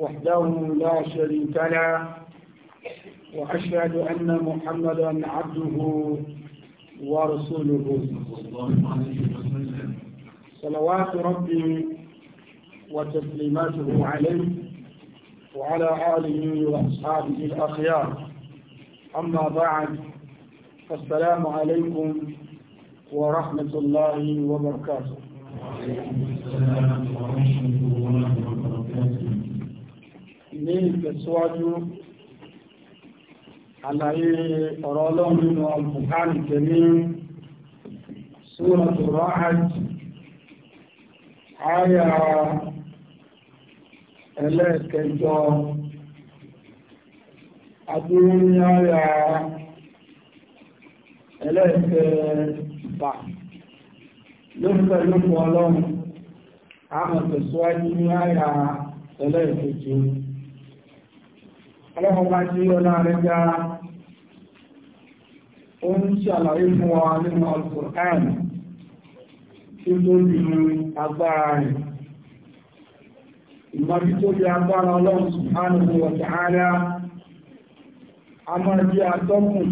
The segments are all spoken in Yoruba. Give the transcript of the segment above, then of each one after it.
وحده لا شريك له وأشهد أن محمدا عبده ورسوله صلوات ربي وتسليماته عليه وعلى آله وأصحابه الأخيار أما بعد فالسلام عليكم ورحمة الله وبركاته وعليكم السلام ورحمة الله وبركاته ní ìtẹ̀síwájú àlàyé ọ̀rọ̀ ọlọ́run nínú Al-Qur'an ní Suratu Ra'd àyà ẹlẹ́ẹ̀kẹjọ adúrú ní àyà ẹlẹ́ẹ̀kẹfà lóṣùpẹ̀ lóṣù ọlọ́run àmọ̀ tẹ̀síwájú ní àyà ẹlẹ́ẹ̀kẹjọ ọlọ́run bá jí ọlá rẹ̀ ga ó ń ṣàlàyé fún wa nínú Al-Qur'an tí ó lórí agbára rẹ̀ ìmọ̀bí tó bí agbára ọlọ́run subhanahu wa ta'ala a máa jẹ́ atọ́kùn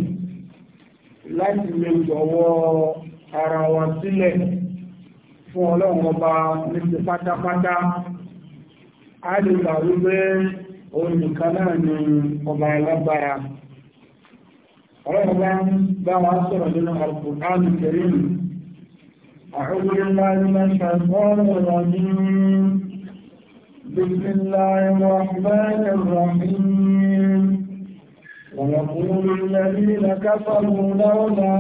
láti lè jọ̀wọ́ ara wa sílẹ̀ fún ọlọ́run ọba ní ti pátápátá a lè gbà wípé olùkan náà ni ọba alágbára ọlọ́run bá ń bá wa sọ̀rọ̀ nínú Al-Qur'an Karim أعوذ بالله من الشيطان الرجيم بسم الله الرحمن الرحيم ويقول الذين كفروا لولا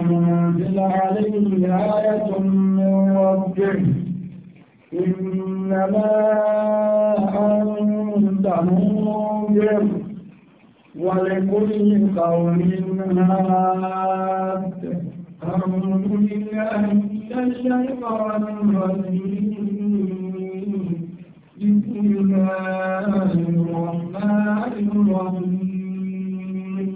أنزل عليه آية من ربه إنما أنزل مستنير ولكل قول هاد أعوذ بالله من الشيطان الرجيم بسم الله الرحمن الرحيم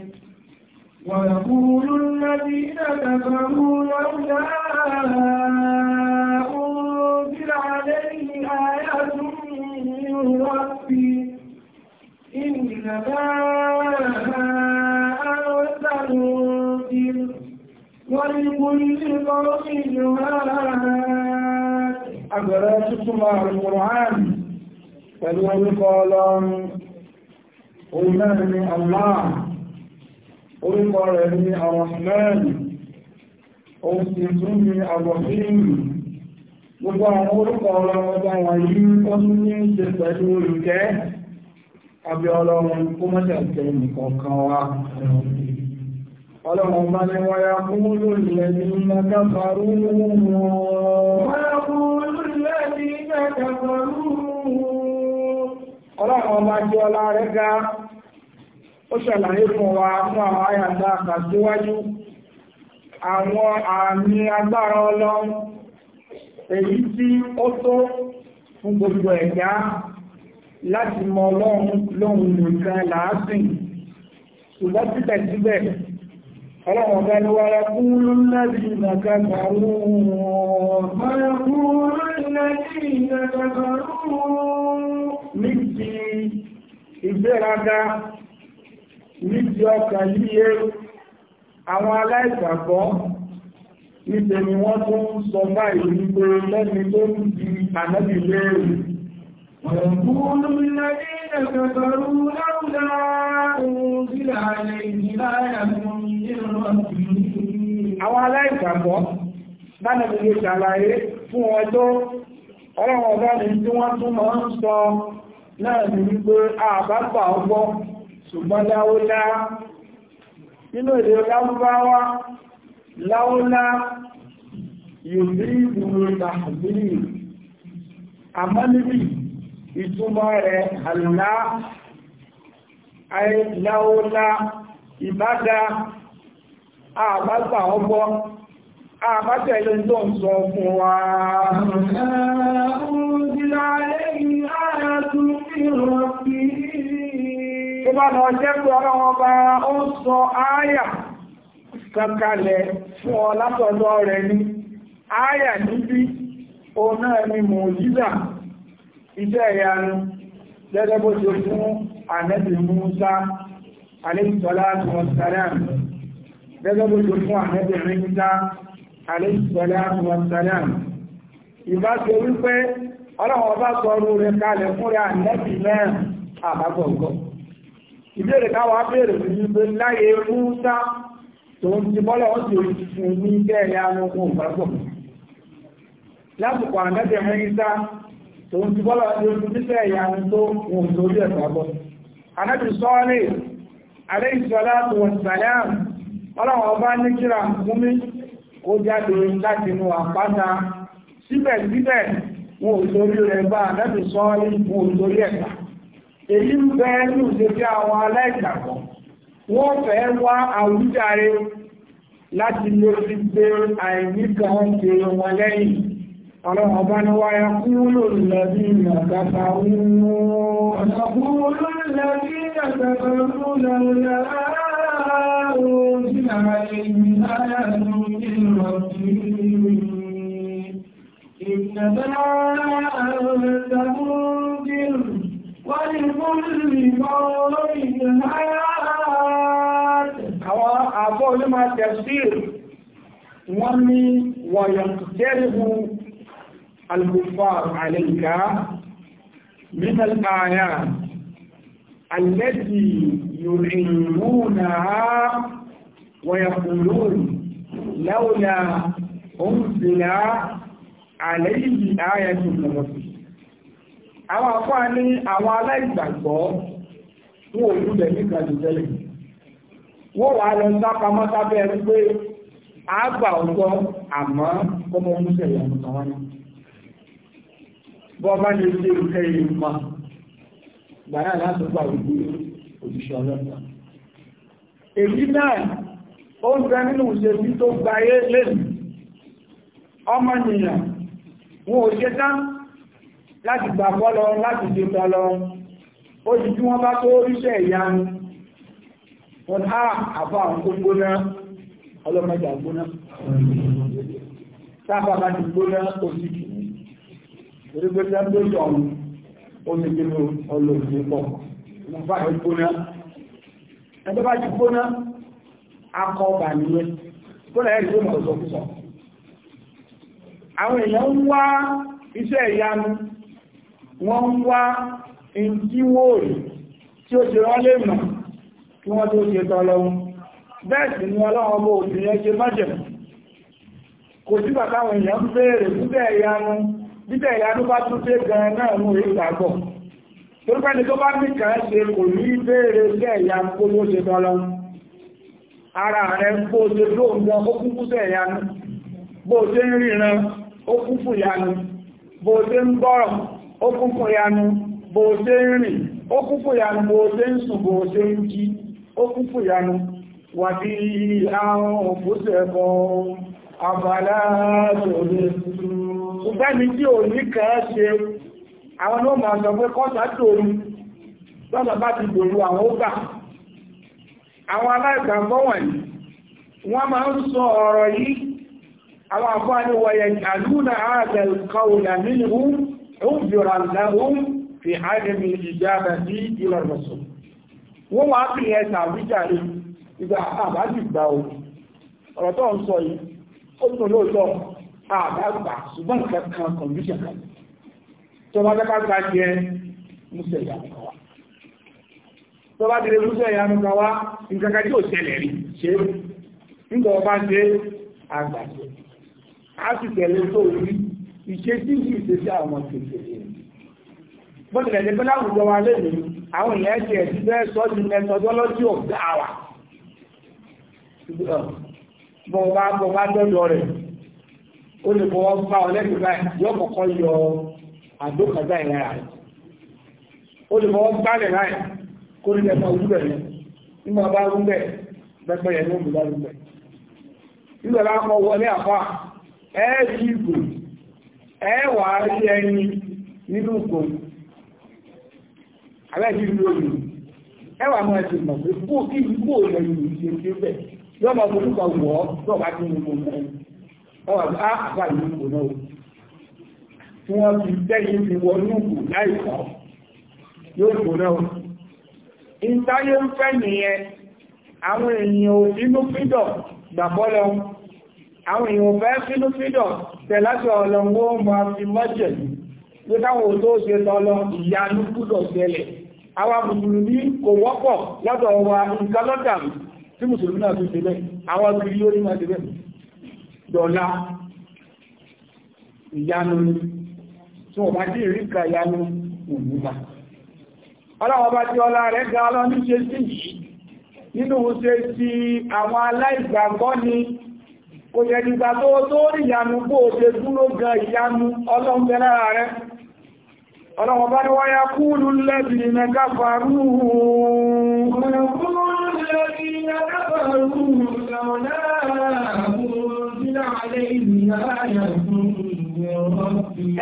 ويقول الذين كفروا لولا كما أنزل به ولكل قوم هاد أقرأتكم القرآن فليقل قلنا الله orúkọ rẹ̀ ní Ar-Rahman òun sì tún ní Ar-Rahim gbogbo àwọn orúkọ ọlọ́wọ́dá wọ̀nyí ó tún ní ṣe pẹ̀lú olùkẹ́ àbí ọlọ́run kó mọ́tẹ̀ tẹ nìkọ̀ọ̀kan wa ọlọ́run bá ní wọ́n yá kú lórílẹ̀ ní nàkàfàrú wọn ọlọ́run bá jẹ́ ọlá rẹ̀ ga ó ṣàlàyé fún wa fún àwọn àyàndà àkàsíwájú àwọn àmì agbára ọlọ́run èyí tí ó tó fún gbogbo ẹ̀dá láti mọ ọlọ́run lóhun nìkan làásìn ṣùgbọ́n síbẹ̀síbẹ̀ ọlọ́run ọ̀gá ni wáyé fún lórí ìnàkà gbàrún ní ti ìgbéraga ní ti ọkàn yíye àwọn aláìgbàgbọ́ níbi ni wọ́n tún sọ báyìí nígbè lẹ́ni tó ń di ànábì léèrè ويقول الذين كفروا لولا أنزل عليه آية من ربه àwọn aláìgbàgbọ́ bánà lè ṣàlàyé fún wọn tó ọlọ́wọ̀n ọ̀dá ni tí wọ́n tún máa ń sọ náà ní wípé àbágbà ọgbọ́ ṣùgbọ́n láwọ́lá nínú èdè láwọ́báwá láwọ́lá yóò bí ìgbòrò ìgbàgbìrì àmọ́ níbi ìtumọ̀ rẹ̀ àlá àìláọ́lá ìbádá àbágbà ọgbọ́ àbátẹ̀lẹ̀ tó ń sọ fún wa tó bá lọ jẹ́ pé ọlọ́wọ́ bá ó sọ ááyà kankalẹ̀ fún ọ rẹ̀ ní ááyà níbi ọ̀nà ẹni mọ̀ yíza iṣẹ́ ìyanu gẹ́gẹ́ bó ṣe fún ànẹ́bì Musa alẹ́sọ́lá wọ̀sálàm gẹ́gẹ́ bó ṣe fún ànẹ́bì alẹ́sọ́lá ìbá ṣe wípé ọlọ́wọ́ bá sọrú rẹ̀ kalẹ̀ tòun ti bọ́lá ní ojú ya tó wọn lórí ẹ̀fà bọ́. ìsọ́lá tó wọ́n ọlọ́wọ́ ọba ní kíra múmi kó jáde láti inú àpáta. síbẹ̀ wọn ò rẹ̀ bá wọn ò Wọ́n fẹ́ wá àwùjáre láti lè fi gbé Ọlọ́run ọba ya kú lòlẹ́bí ìrìnàgbàta nínú Àwọn àbọ̀ olúmọ̀ tẹ̀síìrì wọ́n ní wọ̀yọ̀ tẹ́rìbù الكفار عليك من الآيات التي ينعمونها ويقولون لولا أنزل عليه آية من ربه àwọn àpá ní àwọn aláìgbàgbọ́ wọ́n ò lúbẹ̀ ní kàjùtẹ́lẹ̀ wọ́n wà lọ sápa mọ́sábẹ́ pé àgbà ọ̀gọ́ àmọ́ kọmọ oúnjẹ ìyàmùsàn wọn náà bọ́ bá ní ilé ìfẹ́ ìmọ̀ gbàrá láti gbà gbogbo òṣìṣẹ́ ọlọ́pàá èyí náà ó ń bẹ nínú ìṣẹ́bí tó gbáyé lẹ́nu ọmọnìyàn wọn ò ṣe tán láti gbà bọ́lọ láti ṣe tọ́lọ ó ti tí wọ́n bá tó ríṣẹ́ ìyanu wọn á àbá àwọn tó gbóná ọlọ́mọdé àgbóná sábà bá ti gbóná òsìkì torí pé tẹ́mpéṣọ̀n ó ti gbé ọlọ́gbé pọ̀ nípa ìgbóná ẹgbẹ́ bá ti gbóná akọ ọba nílé gbóná ẹ̀rí tó mọ̀ ọ̀sọ̀ fúsọ̀ àwọn èèyàn ń wá iṣẹ́ ìyanu wọ́n ń wá ìdíwòrì tí ó ṣe wọ́n lè mọ̀ kí wọ́n tó ṣe tọ́lọ́wọ́ bẹ́ẹ̀ sì ni ọlọ́run ọmọ òbí yẹn ṣe mọ́jẹ̀ kò sí bàtàwọn èèyàn ń béèrè fún ìyanu títẹ̀ ìyanu bá tún tẹ́ gan náà mú ìgbàgbọ́ tó pẹ́ni tó bá ní kàn ṣe kò ní bèèrè tẹ́ ìyanu kó ló ṣe tọ́lọ ara rẹ̀ bó ṣe ló ń gan ó kúkú tẹ́ ìyanu bó ṣe ń ríran ó kúkú ìyanu bó ṣe ń gbọ́rọ̀ ó kúkú ìyanu bó ṣe ń rìn ó kúkú bó ṣe ń sùn bó ṣe ń jí ó kúkú wà bí àwọn òkúṣẹ̀kọ́ abàlá àjò lè tuntun ìgbẹ́mi tí ò ní kẹ́ẹ́ ṣe àwọn ní ó máa sọ pé kọ́ta tòrú lọ́nà bá ti dòrú àwọn ó àwọn aláìgbàgbọ́ wọ̀nyí wọ́n máa ń sọ ọ̀rọ̀ yìí àwọn àfáàní wọ̀yẹ̀ àdúnà àgbẹ̀kọ̀ọ̀là ìgbà ọ̀rọ̀ tó ń sọ yìí ó tún àbágbà ṣùgbọ́n kankan kọ̀míṣà kan tó bá jẹ́ kágbà jẹ́ múṣẹ̀ ìyanu kan wá tó bá jẹ́ múṣẹ̀ ìyanu kan wá nǹkan kan tí ò ṣẹlẹ̀ rí ṣe é nígbà ọba jẹ́ àgbà a sì tẹ̀lé tó rí ìṣe tí kì í ṣe sí àwọn kèfèrè bọ́tẹ̀lẹ̀ ní pé láwùjọ wa lè ní àwọn èèyàn ti ẹ̀sí bẹ́ẹ̀ sọ́ di methodology of rẹ̀ ó lè fọwọ́ bá ọ lẹ́nu báyìí yóò kọ́kọ́ yọ àdókàdá ìlà rẹ̀ ó lè fọwọ́ gbálẹ̀ láì kó ní ẹ̀fọ́ ojú bẹ̀rẹ̀ nígbà bá rú bẹ̀ yẹn ló ń bá rú bẹ̀ wọlé àfà ẹ rí ìgò ẹ wà á nínú ìgò òyìn ẹ wà mọ̀ pé kó kí ọ̀rọ̀ àpá ìlúkò náà tí wọ́n fi tẹ́yìn fi wọnú kù láìkọ́ yóò kò náà ìtayé ń fẹ́ nìyẹn àwọn èèyàn ò fínú fídọ̀ gbàbọ́lọ àwọn èèyàn ò fẹ́ fínú fídọ̀ tẹ̀láṣọ ọlọ́wọ́ ma fi mọ́jẹ̀ ló táwọn ò tó ṣe tọ́lọ ìyanu kúdọ̀ tẹ́lẹ̀ àwa mùsùlùmí kò wọ́pọ̀ lọ́dọ̀ wa nǹkan lọ́dà tí mùsùlùmí náà fi dọ́lá ìyanu tí wọ́n bá dé ìyanu òmúgbà ọlọ́wọ́ bá tí ọlá ga ọlọ́ ní ṣe sí yìí nínú ṣe sí àwọn aláìgbàgbọ́ ni kò yẹ nígbà tó tó rí ìyanu bó ṣe dúró gan ìyanu ọlọ́ǹgẹ́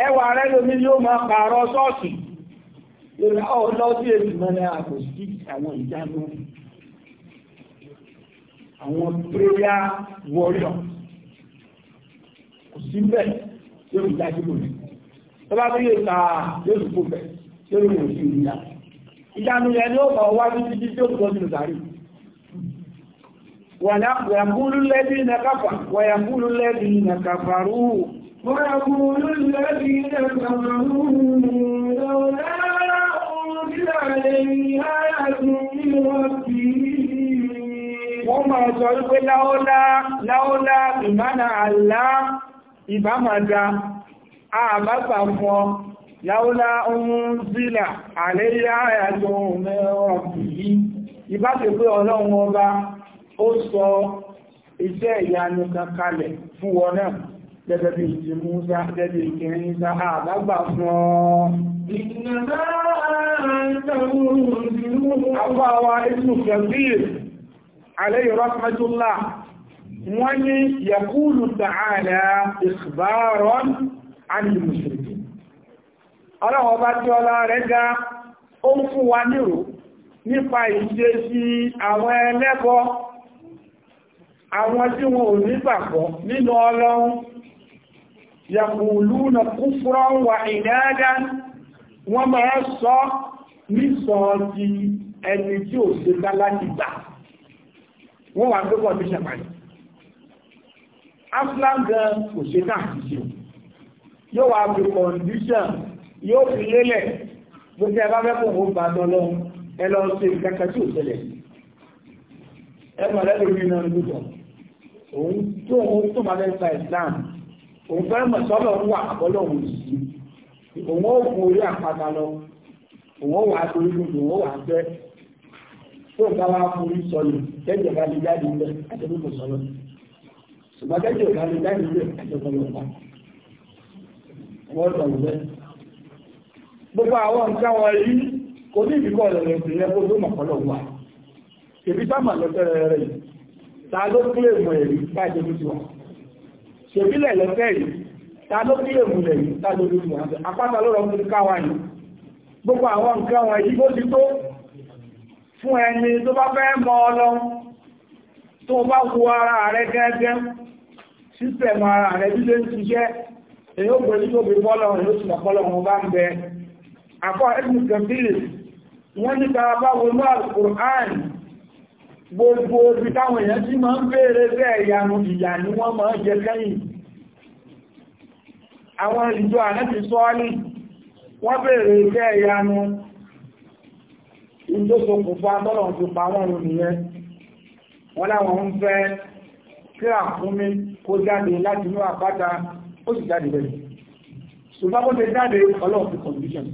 Ẹwà rẹ̀ lómi yóò máa pààrọ̀ sọ́ọ̀sì. Ọlọ́ sí èsì mẹ́lẹ̀ àpò sí àwọn ìjágbọ́n. Àwọn prayer warrior. Kò sí bẹ́ẹ̀ yóò ìjájú lómi. Tó bá bí èta yóò sì kó bẹ̀ yóò rìn òfin ìjà. Ìjánu yẹn ni ó bọ̀ wá títí tí ó ويقول الذين كفروا ويقول الذين كفروا ويقول الذين كفروا لولا أنزل عليه آية من ربه wọ́n máa sọ wípé láọ́lá ìmánà àlá ìbámadá àbápa fún ọ láọ́lá ohun sílà àlẹ́yà àyàtọ̀ mẹ́rọ̀ yìí ìbá ti pé ọlọ́run ọba ó sọ iṣẹ́ ìyanu kan fún wọn náà gẹ́gẹ́ bí ìtì Músá gẹ́gẹ́ ìkẹrin sá àbágbà fún ọ Àfáwa Ibn Ọlọ́wọ́ bá tí ọlá rẹ̀ ga, ó ń fún wa nírò nípa ìṣe sí àwọn ẹlẹ́kọ̀ọ́ àwọn tí wọn ò nígbàgbọ́ nínú ọlọ́run yàkùnlúnà kúfúrọ́ wà ìdáadá wọ́n máa sọ nísọ ti ẹni tí ò ṣe bá láti gbà wọ́n wà pé kọ́ bíṣẹ̀ pàdé aflan gan kò ṣe náà gbogbo ẹ fẹ́ kó òun bá dán ìkẹ́kẹ́ tí ò ṣẹlẹ̀ ẹ mọ̀ náà lóòótọ́ òun tó òun tó ma lẹ́sà Islam òun fẹ́ mọ̀ wà àbọ́lọ̀ sí òun ó gun orí àpáta lọ òun wà á torí gbogbo òun wà fẹ́ tó ń káwá fún orí sọlù tẹ́jẹ̀ bá lè jáde ilẹ̀ àtẹ́bí sọlọ ṣùgbọ́n tẹ́jẹ̀ bá lè jáde ilẹ̀ àtẹ́bí kò sọlọ wọ́n sọ̀rọ̀ bẹ́ẹ̀ gbogbo àwọn nǹkan wọn kò ní ta ló kílè mọ̀ ẹ̀rí báyìí tó ti wà ṣèbílẹ̀ lọ́fẹ́ yìí ta ló kílè mọ̀ ẹ̀rí báyìí tó ti wà apáta ló rọ̀ fún káwa yìí gbogbo àwọn nǹkan wọn yìí bó ti tó fún ẹni tó bá fẹ́ mọ ọlọ tó bá wo ara rẹ gẹ́gẹ́ sísẹ̀mù ara rẹ bí ló ń ṣiṣẹ́ èyí ó gbé ní tóbi bọ́lọ̀ èyí ó sì mọ̀ bọ́lọ̀ wọn bá ń bẹ àkọ́ ẹ̀sìn kẹfìlì wọ́n ní gbogbo ibi táwọn èèyàn tí máa ń béèrè bẹ́ ìyanu ìyà ni wọ́n máa jẹ kẹ́yìn àwọn ìjọ ànẹ́tì sọ́ọ́lì wọ́n béèrè bẹ́ ìyanu ìjọsọkùnfà tọ́lọ̀ ti pa wọ́n rùn nìyẹn wọ́n láwọn ń fẹ́ kí àkúnmí kó jáde láti inú àpáta ó sì jáde bẹ̀rẹ̀ ṣùgbọ́n kó ti jáde ọlọ́ọ̀fì condition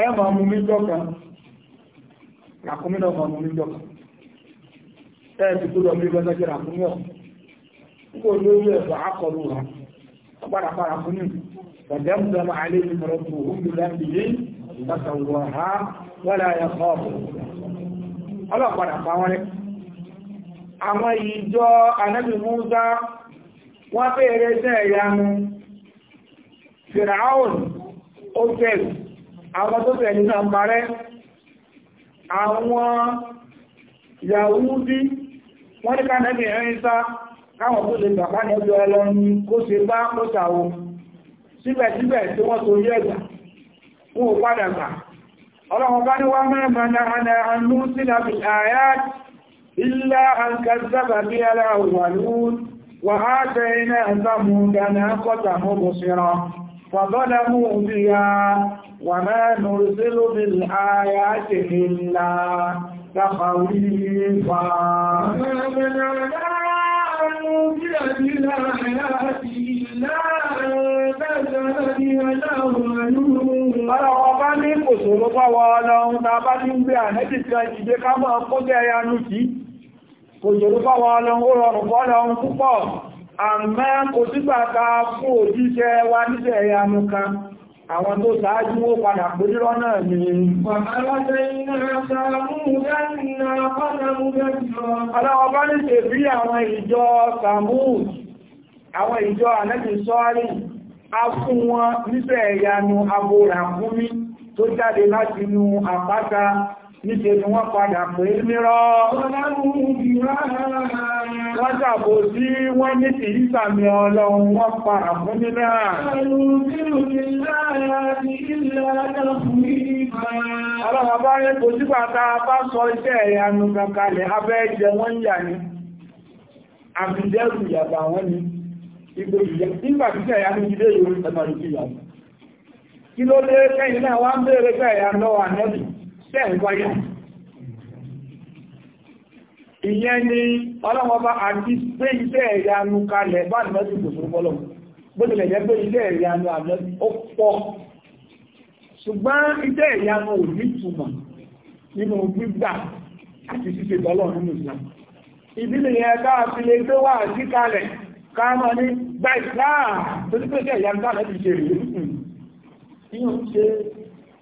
ẹ̀ máa mú mí jọ kan ràkúnmí náà mọ̀ níjọ́ ẹ̀ẹ́dì tó lọ bí gbọ́dọ̀ jẹ́ ràkúnmí ọ̀ nígbà olóyè ẹ̀fọ́ akọlù rà ọgbàdà para fún ní ọ̀dẹ́mùdẹ́mù alẹ́ ìmọ̀rọ̀kù òmìnirí ha wọ́n láyé ọ̀pọ̀ àwọn anábì ó àwọn àwọn Yahudi wọ́n ní kánẹ́bì ẹ̀rin sá káwọn tó lè bàbá ní ọjọ́ ọlọ́run kó ṣe bá kó ṣàwó síbẹ̀síbẹ̀ tí wọ́n tó yẹ́ ẹ̀gbà wọn ò gbà ọlọ́run bá ní wá mẹ́rin mẹ́rin àánú sínú àbí àyá ilá àǹkàzábà bí aláwọ̀ wà lóòrùn wà á tẹ́ iná ẹ̀sàmù dáná kọ́ta mọ́ bọ̀ síran فظلموا بها وما نرسل بالآيات إلا تخويفا Ọlọ́wọ́ bá ní kò sòrò pọ́wọ́ ọlọ́run ta bá ní ń gbé ànẹ́jì tí a jìdé ká mọ́ ọkọ́ jẹ́ ẹyanú kìí. Kò sòrò pọ́wọ́ ọlọ́run ó rọrùn pọ́lọ́run púpọ̀ àmọ́ kò sígbà ká fún òjíṣẹ́ wa níṣẹ́ ìyanu kan àwọn tó sáájú ó padà pé nírọ́ náà ni aláwọ̀ bá ní ṣe bí àwọn ìjọ samud àwọn ìjọ ànẹ́bì sọ́rí a fún wọn níṣẹ́ ìyanu abòrà fún mi tó jáde láti inú àpáta níṣe ni wọ́n padà pé mírọ́ wọ́n jàbò sí wọ́n ní ti ìsàmì ọlọ́run wọ́n para fún nílá ọlọ́run bá kò sígbà ta bá sọ iṣẹ́ ẹ̀yà nù kankalẹ̀ abẹ́ jẹ wọ́n yà ní àbìdẹ́rù ìyàbà wọ́n ni ìgbò ìyàbà kí ló lé kẹ́yìn náà tẹ́ẹ̀ ìyẹn ni ọlọ́mọba àti pé iṣẹ́ ìyanu kalẹ̀ bá nìmọ́sí kò fún bọ́lọ̀ gbọ́dọ̀lẹ̀ jẹ́ pé iṣẹ́ ìyanu àmọ́ ó ṣùgbọ́n iṣẹ́ ìyanu ò ní túmọ̀ nínú gbígbà àti ṣíṣe bọ́lọ̀ nínú Islam ìdílé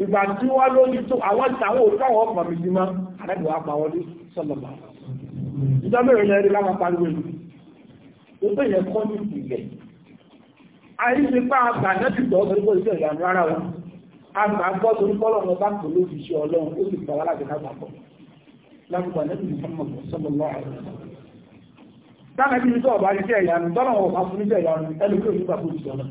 ìgbà tí wọ́n ló ní tó àwọn ìtàwọn òkú àwọn ọkọ̀ mi jímọ́ àrẹ́bù wa pa wọlé sọ́lọ̀bà ìjọ mẹ́rin lẹ́rẹ́ láwọn pariwo ìlú tó tó yẹ kọ́ ní ìpìlẹ̀ àìsípa àgbà nẹ́tì tó ọkọ̀ nípa ìṣẹ́ ìyàwó rárá wọn àgbà gbọ́ torí pọ́lọ̀ wọn bá kò ló fi ṣe ọlọ́run ó sì gbà wá láti ká gbàgbọ́ lágbàgbà nẹ́tì ní sọ́mọ̀ Dáná bí ní sọ̀rọ̀ bá ní iṣẹ́ ìyanu, tọ́lọ̀ wọn ò bá fún iṣẹ́ ìyanu, ẹlòmíràn nígbà fún ìṣẹ́ ọlọ́run.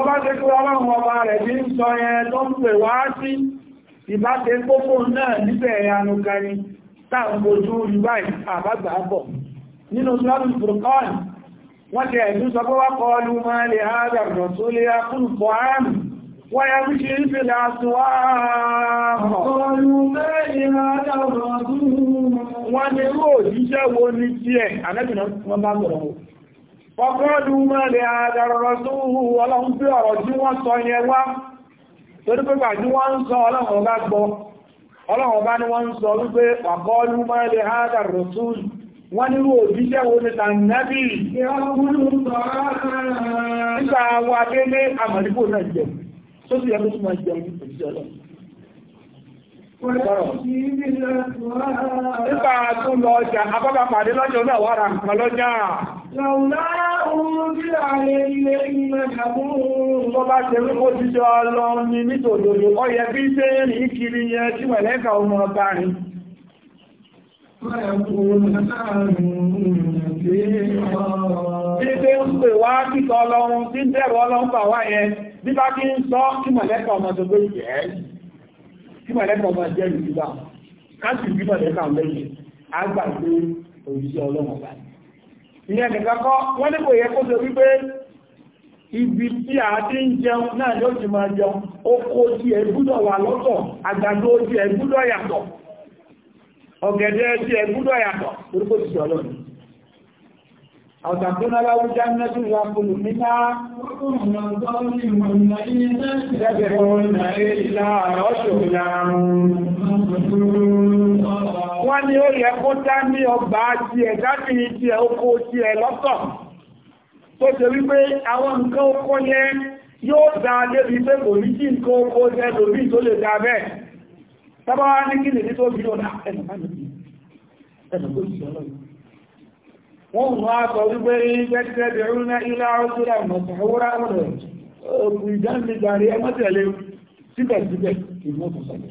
ọba ṣe kí ọlọ́run ọba rẹ̀ bí ń sọ yẹn tó ń pè wá sí ìbáṣe kókó náà níbẹ̀ ẹ̀yànú kẹni táàkùn ojú ìwáì àbágbà bọ̀ nínú sọ́lọ́run furkan wọ́n ti ẹ̀dún sọ pé wá kọlu máa lè hádàrùn tó lè akún fọ́ àmì wọ́n yá bí ṣe ń fi láàtúwà wọ́n ni rú òjíṣẹ́ wo ní tí ẹ̀ anẹ́bìnà wọ́n bá sọ̀rọ̀ Fọ́kọ́lù máa lè àdàrọ̀rọ̀ tó hù ọlọ́run bí ọ̀rọ̀ tí wọ́n sọ yẹn wá, torí pé pàdí wọ́n ń sọ ọlọ́run bá gbọ́. Ọlọ́run bá ní wọ́n ń sọ wípé fọ́kọ́lù àdàrọ̀rọ̀ tó wọ́n nírú wo ní Nígbà tó lọ ọjà, abábà pàdé lọ́jọ́ náà wà ra nǹkan lọ́jà. Lọ́lá oòrùn bí ààrẹ ilé ìmẹ̀ àbúrùn. Bọ́ bá ṣe rí kó jíjọ lọ ní nítòdòdò, ọ yẹ bí ṣe rí kiri yẹn tí mẹ̀lẹ́kà ọmọ ọba rìn. Títí ń pè wá kíkọ ọlọ́run tí ń dẹ̀rọ ọlọ́run bà wá yẹn, bí bá kí ń sọ kí mẹ̀lẹ́kà ọmọ gbé jẹ́ mọ̀lẹ́kà ọba jẹ́ ìjìbá káàkì bí mọ̀lẹ́kà lẹ́yìn àgbà pé ọlọ́run ọba ìyẹn nìkan wọ́n ní kò yẹ kó wípé ibi tí a ti ń jẹun náà ti máa jẹun wà lọ́tọ̀ àgbàdo yàtọ̀ ọ̀gẹ̀dẹ̀ ọlọ́run أو تكون له جنة يأكل منها يدعون إلا رشدا wọ́n ní ó yẹ kó dá ní ọgbà ti ẹ̀ dákìí ti ẹ̀ oko ti ẹ̀ lọ́tọ̀ tó ṣe wípé àwọn nǹkan oko yẹ yóò dá lébi pé kò ní kí nǹkan oko jẹ́ lórí tó lè dá bẹ́ẹ̀ tọ́bá wá ní kí lè ní tó bí ọ̀nà ẹ̀nà wọ́n mú àkọ wípé gẹ́gẹ́gẹ́ ọrụ ilá ọ́sílẹ̀ mọ̀sàwúrá rẹ̀ ọ̀pù ìdánilẹ̀gbàrí ẹmọ́tẹ̀lẹ̀ síbẹ̀síbẹ̀ ìmọ̀tọ̀sọ̀lẹ̀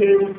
ọlọ́pọ̀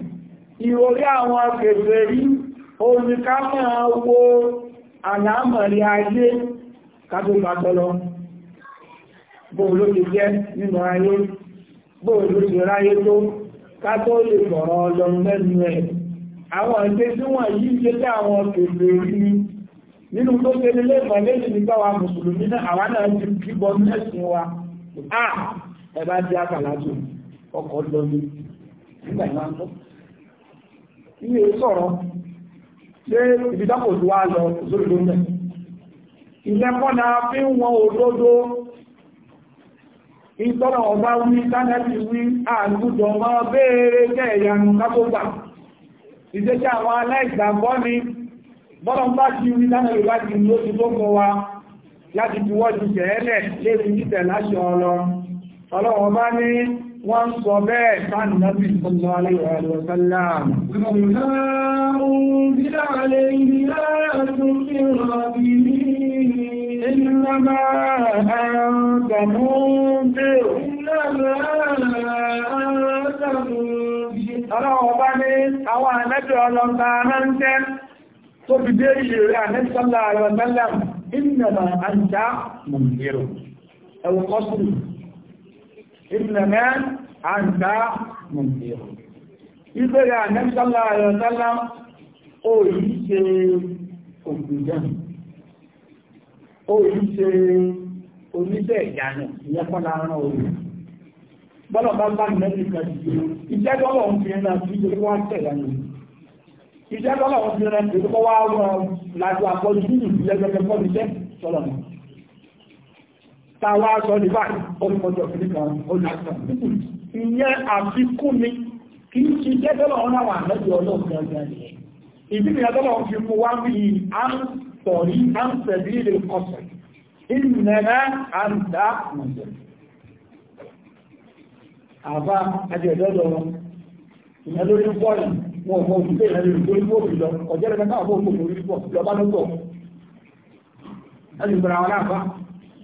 ìròrí àwọn kèfèé rí olùká máa wo àlámọ̀rí ayé kàtòkàtọ́lọ bóò ló ti jẹ́ nínú ayé bóò ló ti ráyé tó kátó lè sọ̀rọ̀ ọlọ́run lẹ́nu ẹ̀ àwọn ìgbé tí wọ́n yìí jẹ́ tí àwọn kèfèé rí nínú tó ṣe nílé ìfẹ̀lẹ́sì nígbà wa mùsùlùmí náà àwa náà ti kíbọ mẹ́sìn wa ah! ẹ̀bá jẹ́ àkàlà tó ọkọ̀ lọ́lé nígbà ìwà ń ní èyí sọ̀rọ̀ ṣé ibi dápò tó wá lọ sórí ló mẹ́ ìlẹ́kọ́ na fi ń wọn òdodo ìtọ́nà ọba wí tánẹ́bì wí àgbùdọ̀ mọ́ béèrè kẹ́ẹ̀yànù kátógbà ìdẹ́jẹ́ àwọn aláìgbàgbọ́ ni bọ́lọ̀ bá ti wí tánẹ́bì bá ti ló ti tó kọ wa láti fi wọ́n ti jẹ́ẹ́lẹ̀ lé wọ́n sọ bẹ́ẹ̀ sáàdì lábí ìsọ́lọ́ aláìwọ̀sọ́lá Ọlọ́wọ́ bá ní àwọn ànẹ́bẹ̀ ọlọ́ta ránṣẹ́ tó fi dé ìrẹ̀ ànẹ́sọ́lá àrẹ̀wọ̀sọ́lá ìnnàmà àjá mọ̀mìnirò. Ẹ̀wọ̀n ìrìnlẹ̀mẹ́ àǹdá mùsùlùmí ìgbéga àmẹ́sọ́lá àyọ̀sọ́lá ó yìí ṣe òkùnjẹ́n ó yìí ṣe oníṣẹ́ ìyànà ìyẹ́kọ́lá rán orí bọ́lọ̀ bá bá mẹ́rin kàjì ìjẹ́gọ́lọ̀ ń fi ẹ̀nà sí ilé wá tẹ̀yànà ìjẹ́gọ́lọ̀ ń fi ẹ̀nà sí ilé wá rán lájú àpọ̀jú nínú ìjẹ́gọ́lọ̀ tàwa sọ ní báyìí olùkọjọ fi nìkan ń sọ̀rí à ń tẹ̀lé ilé ọ̀sẹ̀ ìnana à ń dá ọ̀sẹ̀ àbá òṣìṣẹ́ ìyẹn lórí bọ́ọ̀lù bá lọ́tọ̀ ẹni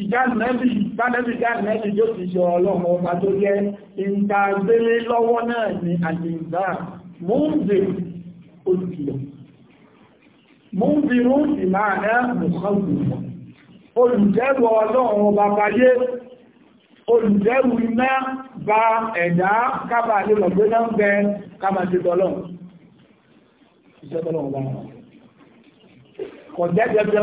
ìjánẹ́bì ìjánẹ́bì ìjánẹ́bì yóò ti ṣe ọlọ́run ọba tó jẹ́ ìntàgbélé lọ́wọ́ náà ni àjìǹdà múùbì olùkìlọ̀ múùbì rúùsì máa ná mùsọ́gbùn olùdẹ́rù ọlọ́run ọba báyé olùdẹ́rù iná bá ẹ̀dá kábà lè lọ gbé náà ń bẹ kábà ti tọ́lọ́ ìṣẹ́ tọ́lọ́ ọba kọ̀dẹ́gẹ́gẹ́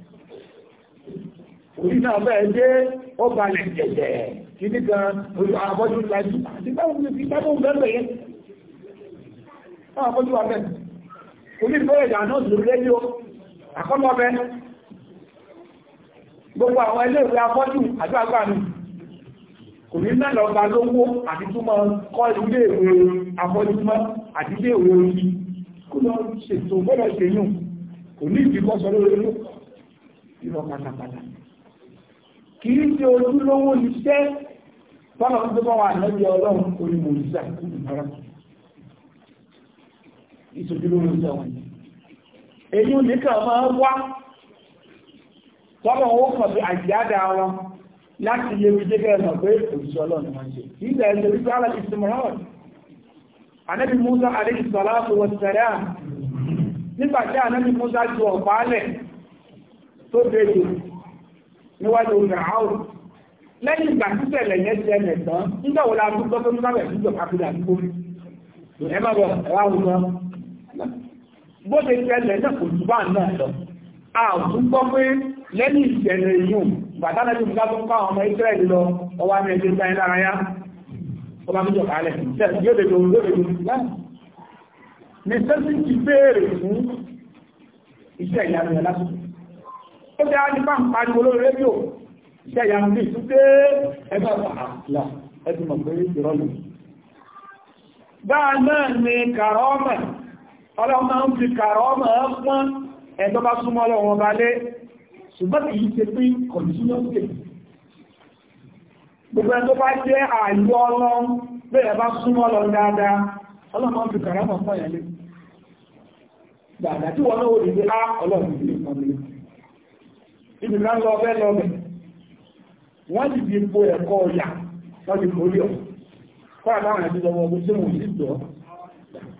orí náà bẹ́ẹ̀ dé ó balẹ̀ jẹ̀jẹ̀ kìíní kan orí abọ́jú àti báwo ni yẹn náà abọ́jú bẹ́ẹ̀ orí gbogbo àwọn ilé ìwé abọ́jú àti àgbà mi kò ní náà lọ lówó àti tó kọ́ ilé ìwé abọ́jú mọ́ àti ilé ìwé orí lọ ṣètò kìí ṣe ojúlówó iṣẹ́ tọ́nà tó bá wà lẹ́bí ọlọ́run orí mòlísà ìbára ìṣòjúlówó iṣẹ́ wọn èyí ò nìkan máa wá tọ́nà ó kàn bí àjíádá wọn láti lè rí jẹ́gẹ́ ẹ̀nà pé òṣìṣẹ́ ọlọ́run máa ṣe ìgbà ẹ̀lẹ́ rí sára ìsìnmọ̀rán Ànábì Musa alayhi salatu nígbàtí Ànábì Musa ju ọ̀pá lẹ̀ tó bèèrè níwájú Fìràáùn lẹ́yìn ìgbà tí ṣẹlẹ̀ yẹn ti ẹnẹ̀ tán nígbà wo la tún gbọ́ tó ń sábẹ̀ sí ìjọba àfihàn àdúgbò ẹ má bọ̀ ẹ wá wọn bó ṣe ṣẹlẹ̀ náà kò tún bá náà lọ àtúgbọ́ pé lẹ́yìn ìṣẹ̀lẹ̀ yìí bàtánà tí bùkátà ń káwọn ọmọ Ísírẹ́lì lọ ọwá ní ẹgbẹ́ ìsáyé lára yá ọba méjọ kàálẹ̀ yóò dẹ̀ lóòrùn lóòrùn ó jẹ́ àjíbá ń pariwo lórí rédíò iṣẹ́ ìyá ní ìtúté ẹgbẹ́ àpàlà ẹgbùmọ̀ pé ìrọ̀lù báà náà ni kàrọ́ọ̀mà ọlọ́mà ń fi kàrọ́ọ̀mà pọ́n ẹ̀dọ́ bá súnmọ́ lọ́wọ́ bá lé ṣùgbọ́n kìí ṣe pé kọ̀díṣínọ́sì gbogbo ẹ̀dọ́ bá jẹ́ àìlú ọlọ́run bẹ́ẹ̀ bá súnmọ́ lọ dáadáa ọlọ́mà ń fi kàrọ́ọ̀mà pọ́n yẹn lé dáadáa tí wọ́n náà wò ah, ibi máa ń lọ ọbẹ̀ lọ́bẹ̀ wọ́n ti di ipò ẹ̀kọ́ ọ̀yà wọ́n ti borí ọ̀ kọ́ àbáwọn ẹ̀dí lọ́wọ́ ọgbẹ́ tí mo sì tọ́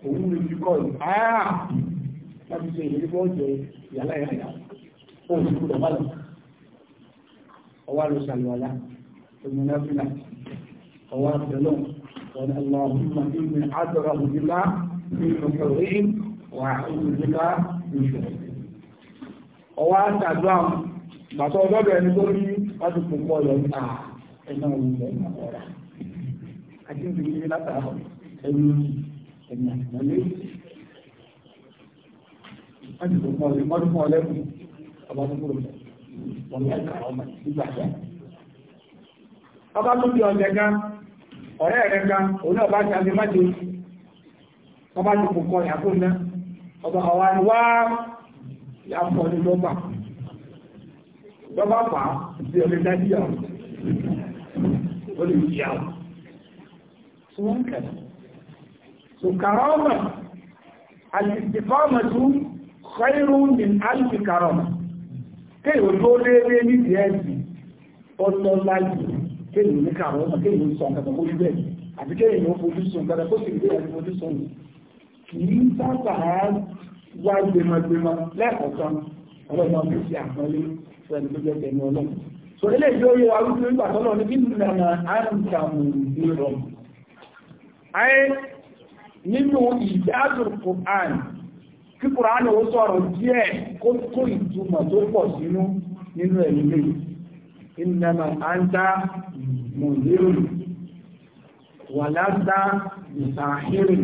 òun ní ibi kọ́ ìlú àá wọ́n ṣe ìrírí ọwọ́ ló ṣàlùwàlá Bàtọ̀ ọgọ́bẹ̀ ẹni tó rí láti fò pọ̀ lọ níta ah, ẹ̀nà òwúrọ̀ ẹ̀nà ọ̀rà. Àti ń fi látara ẹni ẹ̀nà ìmọ̀lé. Wọ́n ti fò pọ̀ lọ mọ́dún fún ọlẹ́kùn ọba tó kúrò wọn lọ kà ọmọ nígbà tó. Ọba tó fi ọ̀sẹ̀ gan, ọ̀rẹ́ rẹ̀ gan, òun náà bá ti àti má jẹ. Ọba ti fò pọ̀ yàgò náà. Ọba ọ̀wá ni wá yà Bọ́bá pa sí ọmọ ìdájí àwọn olùyàwó. Tí wọ́n kẹ̀lẹ̀. Sùkàrọ̀ ọmọ, àlìsìkọ́ ọmọ tún khairun min alfi karama ke yo do dédé ní ti esi ọ̀tọ̀ laji ke yo ní karama ke yo so nǹkan mo be àbí ke yo fojú so nǹkan ko si be fojú so ni ki ta ta wa de ma de ma le ko kan ọlọ́run ma fi àpọ́nlé fẹ́ni tó jẹ́ tẹ̀mí ọlọ́run so ilé ìjọ yóò wá wípé kí Kùránì ó sọ̀rọ̀ díẹ̀ kó kó ìtumọ̀ tó pọ̀ sínú nínú ẹ̀mí lè ìnàmà àǹtà mọ̀lérò wàlásà ìsàhírì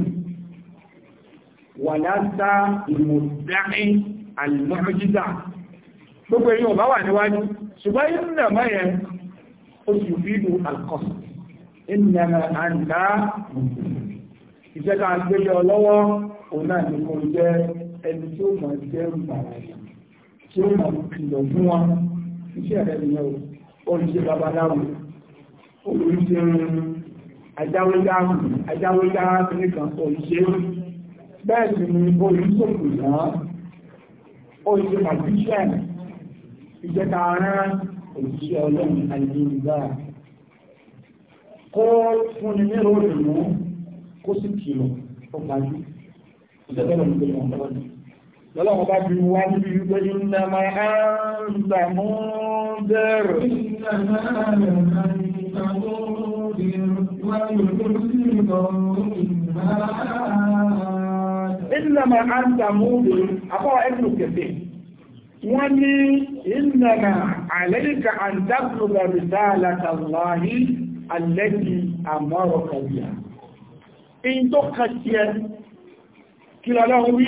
wàlásà ìmọ̀dáhìn àlùmọ́jídà gbogbo èyí ọba wà níwájú ṣùgbọ́n ìrìnà mẹ́yẹ oṣù fíìlú alkọ́sì ìnàmà àǹdá ìjẹta àgbélé ọlọ́wọ́ òun náà ni mo jẹ́ ẹni tí ó mọ̀ jẹ́ ìgbàlá tí ó mọ̀ kìlọ̀ fún wọn iṣẹ́ rẹ̀ nìyẹn o olùṣe babaláwo olùṣe ajáwédáhùn ajáwédáhùn nìkan olùṣe bẹ́ẹ̀ sì ni olùṣòkùnà olùṣe magician ìjẹta rán òṣìṣẹ́ ọlọ́run àìlèmígbà kó fúnni ní ròdùn mú kó sì kìlọ̀ ó parí ìjọba ìlú ìgbẹ̀rẹ̀ ọ̀dọ́rọ̀ lọ́lọ́wọ́ bá bí wá níbi wípé iná máa ń gbà mú bẹ̀rẹ̀ iná máa ń gbà mú bẹ̀rẹ̀ àbọ̀ ẹ̀dùn kẹfẹ́ wọ́n ní ìlànà àlẹ́ríkà àndákùnlọ̀ rìsáàlá tàbí alẹ́bí àmọ́rọ̀ kàríà. in tó kàtí ẹ kí lọ́lọ́run rí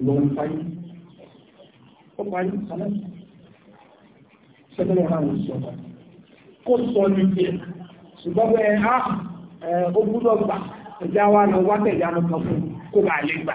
ìwọ̀n fayí ó parí aláìsí sẹ́gbẹ̀rẹ̀ àwọn ìṣọ́ta kó sọ ní pé ṣùgbọ́n bẹ́ á ó gbúdọ̀ gbà ẹjá wa lọ wátẹ̀ ìyanu kan fún kó bàa lè gbà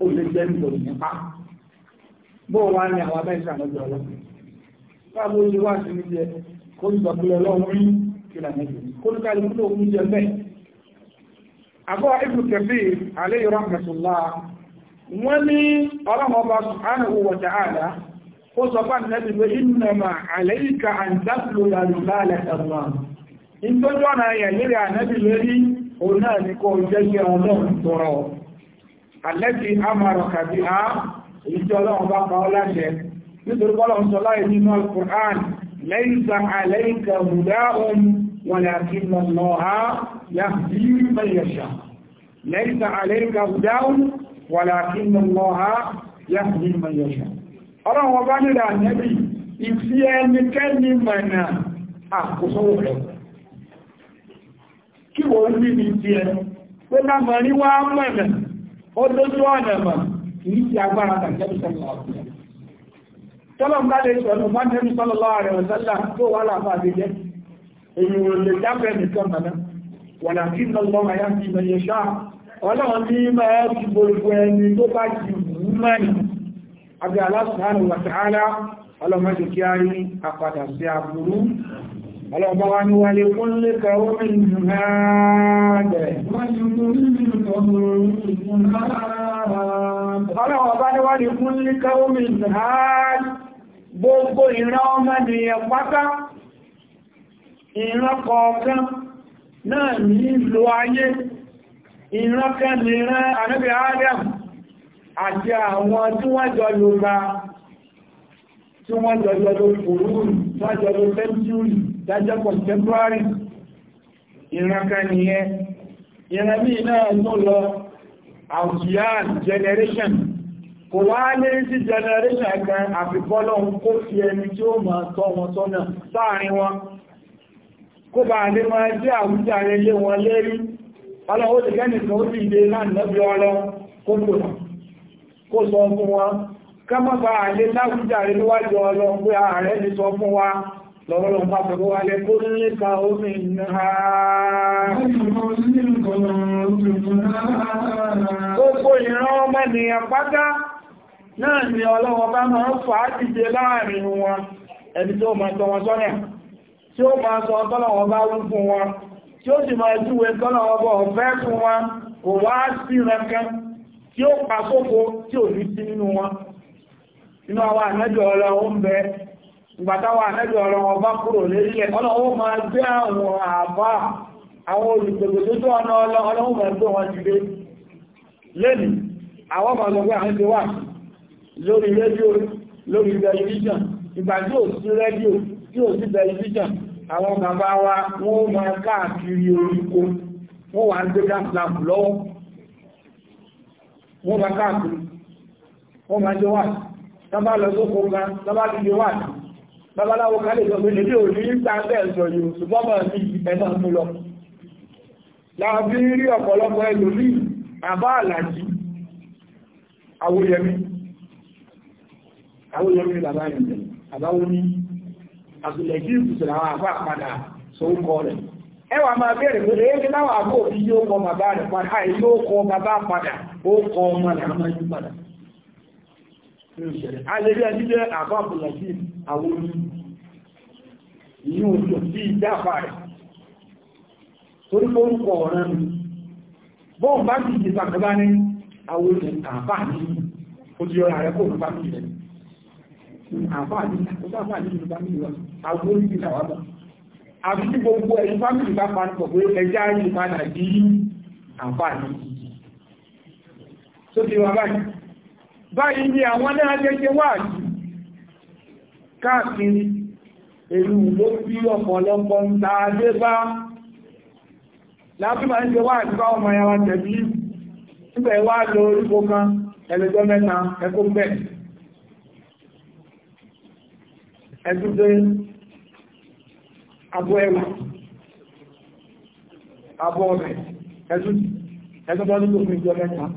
ó lè jẹ́ nítorí nípa bó wá ní àwọn abẹ́sà lọ́jọ́ ọlọ́run báwo ló ó sọ fún ànẹ́bí pé innama alayka an tabluga ìtọ́jú ọ̀nà ẹ̀yẹ̀ ànẹ́bí òun náà ní jẹ́ jẹ́ ọlọ́run àlẹ́bí amàrọ̀ kàbí a ìjọ ọlọ́run bá pa ọ́ láṣẹ nítorí bọ́lọ̀ ń sọ láì nínú al-Qur'an laysa alayka hudahum walakinna Allaha yahdi man yasha laysa alayka hudahum walakinna Allaha yahdi man yasha ọlọ́run ọba nílẹ̀ ànẹ́bí ìfi ẹnikẹ́ni mọ̀nà àkóso rẹ̀ ó dójú ọ̀nà mọ̀ kìí ti agbára tàbí sọ́lọ́ tọ́lọ̀ bá lè sọ̀rọ̀ Allah tẹ́lú sọ́lọ́ ààrẹ ọ̀sọ́lá tó wà láàfà àdéjẹ́ èyí ò lè jáfẹ́ nìkan mọ̀ná wà láti ń lọ ayá ti mọ̀ yẹ ṣáà ọlọ́run ní máa ti gbogbo ẹni tó bá ti wù mẹ́rin abẹ́ aláṣùhánù wàtàhálà ọlọ́mọdé a rí sí àbúrú ọlọ́gbọ́ wa ní wà lè fún lè kàwọ́ Gbogbo ìran ọmọ ènìyàn pátá, ìran kọ̀ọ̀kan náà ní ìlò ayé, ìran kan lè rán ànábì Adam àti àwọn tí wọ́n jọ lò bá, tí wọ́n jọ jọ lò fòrúurù, wọ́n jọ lò fẹ́ntúrì, dájọ́ contemporary ìrankan nìyẹn ìran míì náà tó lọ alfiyan generation kò wá lé sí generation kan àfikọ́lọ́ kó fi ẹni tí ó máa tọ́ wọn sọ́nà sáàrin wọn kó bá lè máa jẹ́ àwùjá lé wọn lérí ọlọ́wọ́ ti gẹ́nì kan ó sì ilé láàrín ọlọ́ kó kò náà kó sọ fún wọn ká má bá lè láwùjá níwájú ọlọ́ pé ààrẹ ti sọ fún wa lọ́wọ́lọ́ pàtàkì wà lè kó nílé ka omi náà gbogbo ìran ọmọ ènìyàn pátá náà ni ọlọ́wọ́ bá máa ń fà á dìde láàrin wọn ẹni tó máa tọ́ wọn sọ́nà tí ó máa sọ tọ́lọ̀wọ́ bá wú fún wọn tí ó sì máa júwe tọ́lọ̀wọ́ ìgbàtàwà àmẹ́bí ọ̀rọ̀ wọn bá kúrò lérílẹ̀ ọlọ́wọ́ máa gbé àwọn àbá àwọn olùgbègbè tó ọ̀nà ọlọ́wọ́ máa gbé wọn ti dé lẹ́nì àwọn ọmọ ọlọ́gbẹ́ àwọn ti wà lórí rédíò lórí tẹlifíṣàn ìgbà tí ò sí rédíò tí ò sí tẹlifíṣàn àwọn bàbá wa wọ́n máa káàkiri oríko wọ́n wà ń gbé dáflam lọ́wọ́ wọ́n máa káàkiri wọ́n máa jẹ wà tábà lọ sókòó kan tábà ti jẹ wà ní babaláwo ká sọ pé níbi ò ní bẹ́ẹ̀ sọ yìí ṣùgbọ́n máa ní ẹ̀mọ́ mú lọ láàbí rí ọ̀pọ̀lọpọ̀ ẹlòmíì àbá àlàjì awóyẹmí awóyẹmí bàbá ẹ̀mẹ́ àbáwó ní àtìlẹ̀kí ìpùsùn àwọn àbá àpadà sóúkọ kọ kọ nínú ìṣẹ̀lẹ̀ alẹ́rí ẹni jẹ́ àbábùlàjí àwọn orí ìyí òjò sí ìdáfà rẹ̀ torí fórúkọ ọ̀rẹ́ mi bọ́n bá ti jẹ́ sàkọ́bá ní àwọn orí àbá ní ojú ọ̀rẹ́ rẹ̀ kò rúbá ní rẹ̀ àbá ní àbá ní rúbá ní rẹ̀ àwọn orí ìdàwàbọ̀ àbí tí gbogbo ẹ̀yìn fámìlì bá parí pọ̀ pé ẹjá yìí padà di àbá ní ìjì tó ti wà báyìí báyìí ni àwọn náà jẹ́jẹ́ wà jù káàkiri èrú ló bí ọ̀pọ̀lọpọ̀ ń ta adé bá lábíbà ń jẹ wà jù bá ọmọ ẹwà tẹ̀bí níbẹ̀ wà lọ orípo kan ẹlẹ́jọ́ mẹ́ta ẹkó bẹ̀ abọ́ abọ́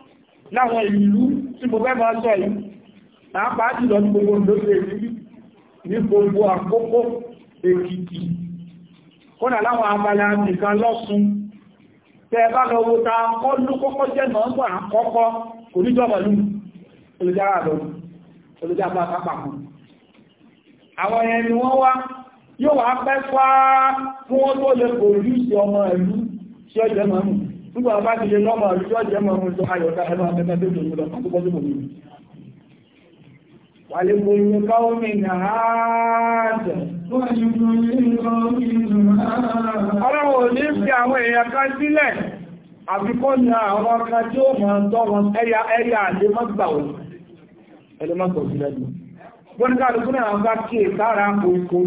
láwọn ìlú tí mo fẹ́ máa sọ yìí pàápàá jùlọ ní gbogbo lóṣè ìlú ní gbogbo àkókò èkìtì kódà láwọn abala nìkan lọ́sùn tẹ bá lọ wo ta kọ́ ló kọ́kọ́ jẹ́ nọ́mbà àkọ́kọ́ kò ní jọmọ̀lú olùjára lọ olùjára pápákọ̀ àwọn yẹn ni wọ́n wá yóò wá pẹ́ fáá fún wọ́n tó lè pòlú sí ọmọ ìlú sí ọjọ́ mọ́mù nígbà bá ti lè lọ́mọ àrùjọ jẹ́ mọ̀ ohun tó ayọ̀dá ẹ̀rọ abẹ́fẹ́ tó jòjò lọ fún bọ́sí bòmí. Wàlẹ̀ kò yẹ káwọ́ mi nà á jẹ. ní fi àwọn èèyàn sílẹ̀, àfikọ́ na àwọn tí ó mọ̀ tọ́ wọn ẹ̀yà ẹ̀yà náà bá kí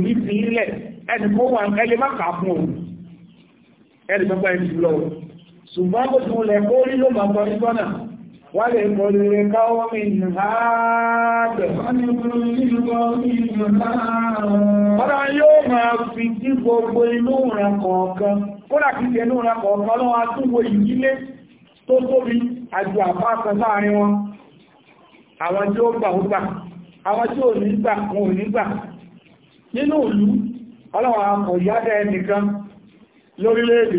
ní fi ilẹ̀ ṣùgbọ́n kò tún lẹ̀ kó rí ló máa tọ́ ní sọ́nà wà lè kò lè káwọ́ mi hàábẹ̀. Ọ̀rọ̀ yóò máa fi tí gbogbo inú ìran kọ̀ọ̀kan, kódà kí ti inú ìran kọ̀ọ̀kan lọ́wọ́ túnwò ìdílé tó tóbi àjò Àwọn tí ó gbà ó gbà, àwọn tí ò ní gbà wọn ò ní gbà. Nínú ìlú, ọlọ́wọ́ àkọ̀yádẹ́ ẹnìkan lórílẹ̀-èdè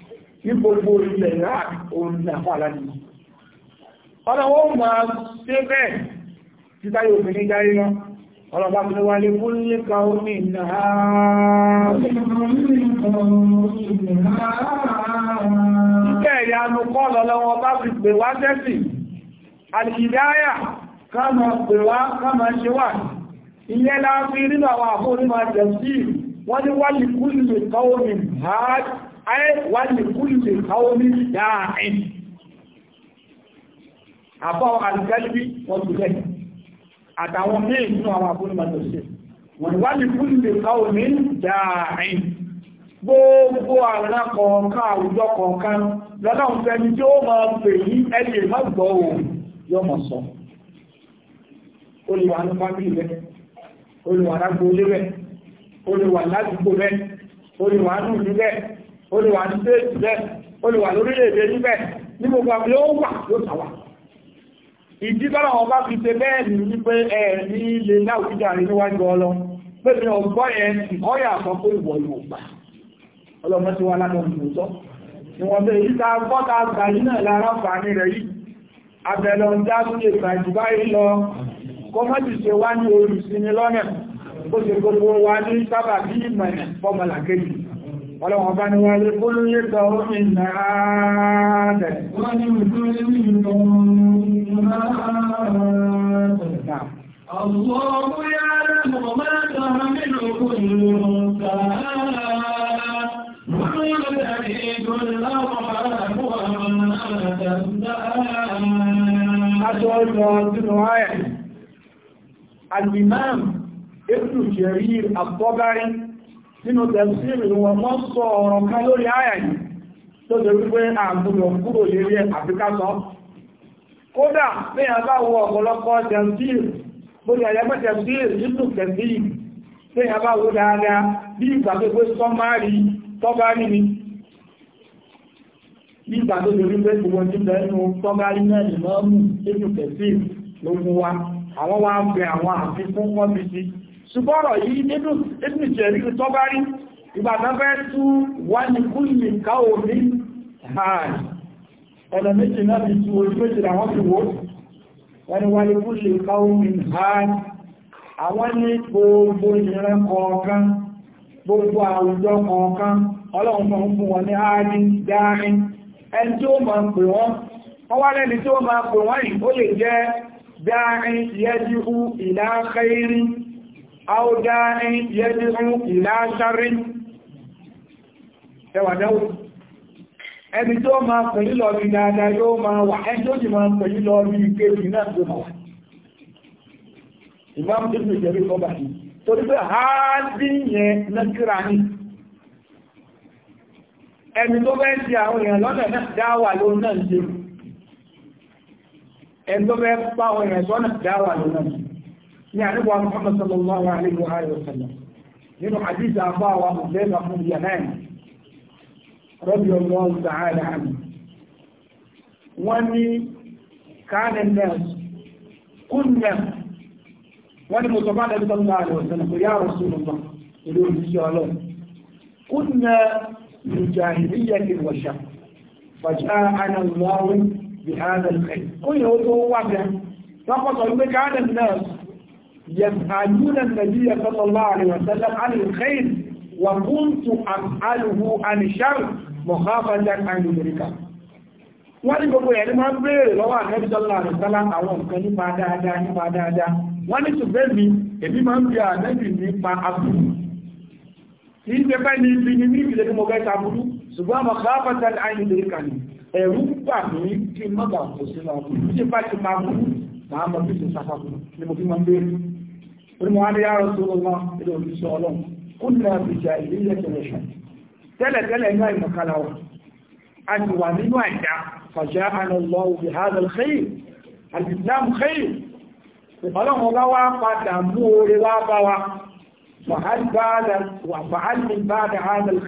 ní gbogbo ilẹ̀ náà òun ní àpá aláàdì ọ̀nà wọ́n máa ṣe bẹ́ẹ̀ títà yóò fi ní járí náà ọlọ́bá fi wá lé fún ní ká ó ní ìnáà ìkẹ́ẹ̀rẹ̀ anukọ́ lọ́lọ́wọ́ bá fi pè wá tẹ́sì alìdáyà káàmà pè wá káàmà ṣe wà ilẹ̀ láàfin nínú àwọn àkórí máa jẹ̀ sí wọ́n ni wá lè kú ìlú ìkọ́ ayé wà ní kúlù àwọn ní dáàín àbọ̀ alìgálíbí wọ́n ti rẹ̀ àtàwọn mẹ́rin nínú àwọn abúrúmọ̀tò sí wọ́n wà ní kúlù àwọn ní dáàín gbogbo àwọn kọ̀ọ̀kan àwùjọ kọ̀ọ̀kan lọ́nà ìfẹ́ni tí ó máa pè ní ẹni ìmọ̀gbọ̀ òun yóò mọ̀ sọ olùwà ní fámílì rẹ̀ olùwà lágbó olé rẹ̀ olùwà ládùúgbò rẹ̀ olùwà nù rẹ̀ ó lè wà ní déètì bẹ́ẹ̀ ó lè wà lórílẹ̀-èdè níbẹ̀ ní gbogbo àbí ó wà ló tàwà ìdí bára wọn bá fi ṣe bẹ́ẹ̀ ní wípé ẹ ní ilé láwùjá rí níwájú ọlọ pé mi ọgbọ́ yẹn ti ọyà sọ pé ìwọ ìwò gbà ọlọ́mọ ti wá lánà òṣòótọ́ ìwọ̀n bẹ èyí tá a gbọ́ ta gbà yìí náà lára fàánì rẹ̀ yìí abẹ̀lọ ń dá sí ìgbà ìjùbá yìí lọ kọ́mọ́tì ṣe wá ní olùsinmi lọ́nà ó ṣe gbogbo ọlọ́wọ́n bá ní wá lé kó ló yé tọ́ ìlà ààbẹ̀ wọ́n ni mú tó lé ní ọmọ ààbẹ̀ الله يعلم ما تحمل كل أنثى وما تزيد الأرحام وما تزداد الإمام ابن جرير الطبري nínú tẹ̀síìrì wọn wọ́n sọ ọ̀rọ̀ kan lórí àyà yìí tó jẹ́ wípé àgbùrọ̀ kúrò lérí àfikásọ́ kódà ní àbá wo ọ̀pọ̀lọpọ̀ tẹ̀síìrì lórí àyẹ́gbẹ́ tẹ̀síìrì nínú tẹ̀síìrì ní àbá wo dáadáa bí ìgbà tó gbé sọ́márì tọ́bárì ni bí ìgbà tó jẹ́ wípé ìwọ̀n ti bẹ̀ẹ́nu tọ́bárì náà ìmọ̀ọ́mù nínú ṣùgbọ́rọ̀ yìí nínú ìpínlẹ̀ ìjẹ̀rí tó bá rí ìgbàgbẹ́ tú wà ní kúlì káwò ní hàn ọ̀nà méjì náà ti tú orí méjì àwọn ti wó wọ́n ni wà ní kúlì káwò ní hàn àwọn ní gbogbo ìran kọ̀ọ̀kan gbogbo àwùjọ kọ̀ọ̀kan ọlọ́run mọ̀ fún wọn ní ààrí dáárín ẹni tí ó máa ń pè wọ́n wọ́n wá lẹ́ni tí ó máa pè wọ́n yìí ó lè jẹ́ dáárín yẹ́jú ìlà kẹrin àwòdá yẹ́dí fún ìlàṣárí ẹwàdáwò ẹni tó máa pẹ̀lú lọ rí dáadáa yóò máa wà ẹni tó sì máa pẹ̀lú lọ rí kéèkì náà tó máa wà ìmáàmù tó fi jẹ́rí kọ́ bàtí torí pé háàdí yẹn lẹ́kìrà ní ẹni tó bẹ́ẹ̀ ti àwọn èèyàn lọ́nà náà dáwà ló náà ń ṣe ẹni tó bẹ́ẹ̀ pa àwọn èèyàn sọ́nà dáwà ló náà ń يعرفها محمد صلى الله عليه واله وسلم من حديث ابا وابن بن اليمن رضي الله تعالى عنه واني كان الناس كنا واني مصطفى النبي صلى الله عليه وسلم يا رسول الله يقول في الله كنا من جاهلية وشر فجاءنا الله بهذا الخير كل هو هو واحد فقط يقول كان الناس يسألون النبي صلى الله عليه وسلم عن الخير وكنت أسأله عن الشر مخافة أن يدركه wọ́n ní gbogbo ẹ̀rí máa ń béèrè lọ́wọ́ àtẹ́bíjọ́lá àrẹ̀sálá àwọn nǹkan nípa dáadáa nípa dáadáa wọ́n ní ṣùgbẹ́ mi èmi máa ń bí àtẹ́bì nípa aburú kì í ṣe fẹ́ ní ibi ní ìpìlẹ̀ tí mo ta burú ṣùgbọ́n àmọ́ káfàtà àìyíndèrí kan ní ẹ̀rú gbà mí kí n má bàa kò sínú aburú ṣe bá ti máa burú màá mọ bí ṣe sáfà burú ni mo fi máa ń béèrè onímọ̀ adéyà rọ̀sọ́lọ́mọ́ ilé òfìsọ́ ọlọ́run kúnlẹ̀ àbìjà ìlú tẹ̀lẹ̀ṣàn tẹ́lẹ̀tẹ́lẹ̀ inú àìmọ̀kálà wọn a ti wà nínú àìdá fàjá ànàlọ́wù bí hádàl khair al-islam khair ọlọ́run ọba wá padà mú oore wá bá wa fàhálìn bá da hádàl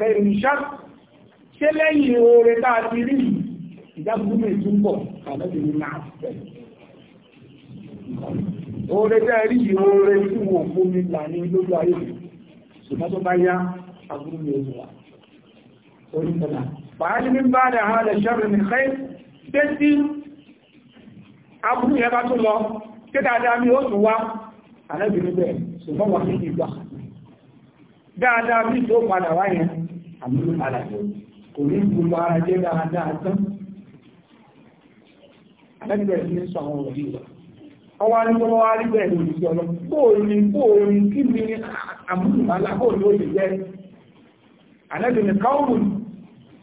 oore jẹ́ rí yìí oore tí wò fún mi là ní lójú ayé mi ṣùgbọ́n tó bá yá àbúrú mi òun wà orí tọ́lá fàájì mi bá dà hàn lè ṣọ́rọ̀ mi kẹ́ dé sí àbúrú yẹn bá tún lọ kí dáadáa mi ó tún wá àlẹ́bìnrin bẹ́ẹ̀ ṣùgbọ́n wà ní ìgbà dáadáa mi tó padà wá yẹn àmì padà kò ní gbogbo ara jẹ́ dáadáa tán àlẹ́bìnrin bẹ́ẹ̀ ní sọ àwọn òbí rẹ̀ ọwá ní ọwọ́ wá rí bẹ́ẹ̀ lórí sí ọlọ́ bóòrin bóòrin kí ni àmúlùmálà bóòrin ó lè jẹ́ àlẹ́bìnrin káwùn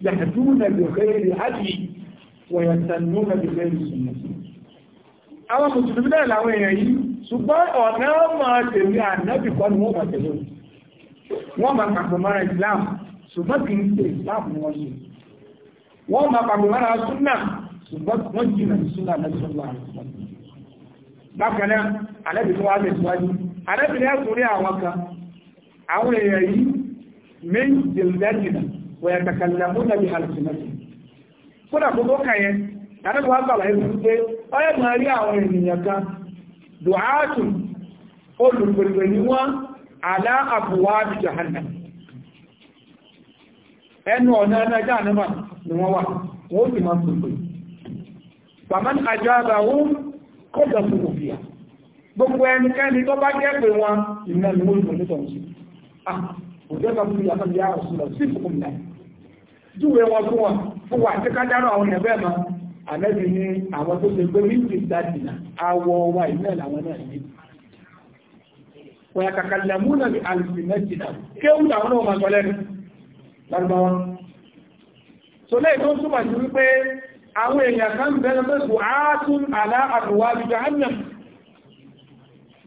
yàtúrú nàbì òkèrè àti wọ̀yàtànú nàbì lẹ́yìn ìsinmi àwọn mùsùlùmí náà làwọn èèyàn yìí ṣùgbọ́n ọ̀nà máa tèmi ànábì kọ́ ni wọ́n máa tèmi wọ́n máa pàpọ̀ mọ́ra Islam ṣùgbọ́n kì í ṣe Islam wọn ṣe wọ́n máa pàpọ̀ mọ́ra súnà ṣùgbọ́n wọ́n jìnà súnà lẹ́sọ̀lá àti bákanáà alẹ́bì tó wá lè síwájú alẹ́bì ní ẹ̀kùnrin àwọn kan àwọn èèyàn yìí main jildẹ́jìnà wọ̀ ẹ̀kàkàlẹ̀ múnà bí alìsìnàtì kódà gbogbo kàyẹ alẹ́bì wá gbàlá ẹ̀kù pé ọyẹ́ máa rí àwọn ènìyàn kan dùhátù olùgbèrè ní wọ́n alá àbúwá bí jahannam ẹnu ọ̀nà ẹnẹjá ànẹ́mà ni wọ́n wà wọ́n sì máa ń pèpè pàmán àjọ àbàwọ́ kọjọ fún gbogbo ẹnikẹ́ni tó bá jẹ́ pé wọn ìmọ̀ ni wọ́n lò nítọ̀ sí ah, òjọ́ta fún ìyàtọ̀ bí àwọn sílọ̀ sí fún mi júwe wọn fún wọn fún wa tí ká dárò àwọn ẹ̀bẹ́ mọ́ àmẹ́bí ní àwọn tó ṣe pé wíńdì dàdìnà awọ wa ìmọ̀ làwọn náà ní wọ́n kàkà lẹ́múnà bí alìsìnẹ́jìnà kéwù làwọn náà máa sọ lẹ́nu lárúbáwá so lẹ́yìn tó ń túmọ̀ sí wípé àwọn èèyàn kan bẹ̀rẹ̀ pé kò á tún àlá àbúwá bí jahannam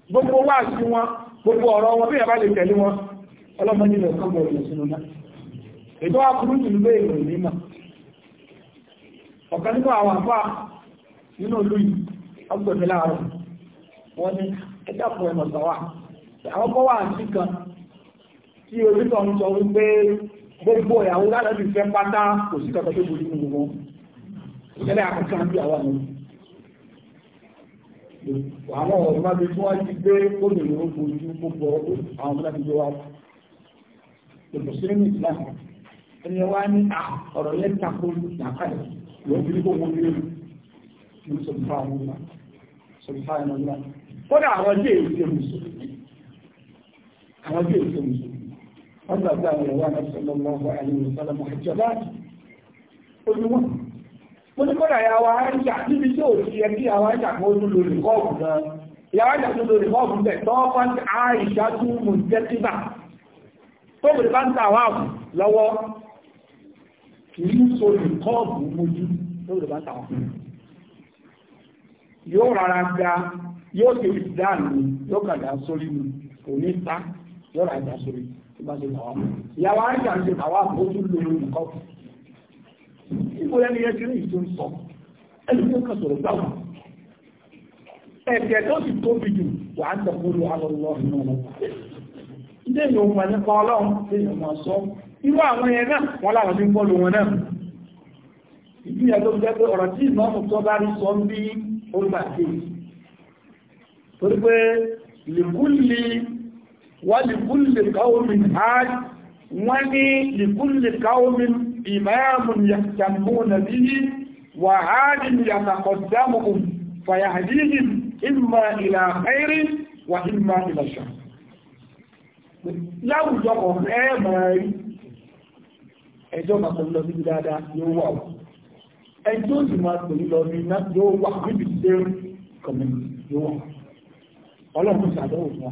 gbogbo wà sí wọn gbogbo ọ̀rọ̀ wọn bí ẹ̀bá lè tẹ̀lé wọn ọlọ́mọ nílẹ̀ ọ̀kọ́gbọ̀ ọ̀rọ̀ sínú náà ètò àkúrú jù lé èrò ìlímọ̀ ọ̀kan nínú àwọn àpá nínú olú yìí ọgbẹ̀mí láàárọ̀ wọ́n ní ẹ̀dàpọ̀ ẹ̀mọ̀ sọ́wà àwọn kọ́ wà sí kan tí orítọ̀ ń sọ wípé gbogbo ìyàwó lálẹ́ fẹ́ pátá kò sí kọ̀kọ́ tó burú nínú wọn ìṣẹ̀lẹ̀ àkọ́kọ́ bí àwọn ọ̀rọ̀ máa bí tí wọ́n ti gbé kóbìnrin ó fojú gbogbo àwọn ọmọdé ti wá ìbò sílẹ̀mì islam ẹni wá ní ọ̀rọ̀ nàkàlẹ̀ bí lé ní àwọn mo ní kọ́nà ìyàwó àáríjà níbi tí ò ti yẹ àwọn àáríjà kan ó tún lo náà ìyàwó àáríjà tún lo rìkọ́ọ̀bù bẹ̀ tọ́ọ̀pọ̀ àáríjà tún mú tẹ́tíbà tó bèrè bá ń ta àwọn àbù lọ́wọ́ kì í so rìkọ́ọ̀bù mojú tó bèrè bá ń ta àwọn yóò rárá ga yóò ti rí dáàlú yóò kàdá sórí mi kò ní ta yóò rárá ga sórí tó bá ti Ibo ẹni yẹn ti rí ìtò ń sọ. Ẹni tó kà sọ̀rọ̀ gbáwà. Ẹ̀kẹ́ tó sì tóbi jù wà á tẹ̀kọ́ lu alọ́lọ́ inú wọn. Ilé ìyọ̀ wọn nípa ọlọ́run ṣe ìmọ̀ sọ. Irú àwọn yẹn náà wọ́n láwọn ti ń bọ́ọ̀lù wọn náà. Ìdí ẹ̀ ló jẹ́ pé ọ̀rọ̀ tí ìmọ̀ tó bá rí sọ ń bí ó gbà dé. Torí pé lèkúlì wà إمام يهتمون به وعالم يتقدمهم فيهديهم إما إلى خير وإما إلى شر láwùjọ kan ẹ máa rí ẹjọ́ máa pẹ̀lú lọ sí ibi dáadáa yóò wà ó ẹjọ́ sì máa pẹ̀lú lọ sí iná yóò wà níbi tí ó kọ̀mí yóò wà ọlọ́run ṣàdọ́wò fún wa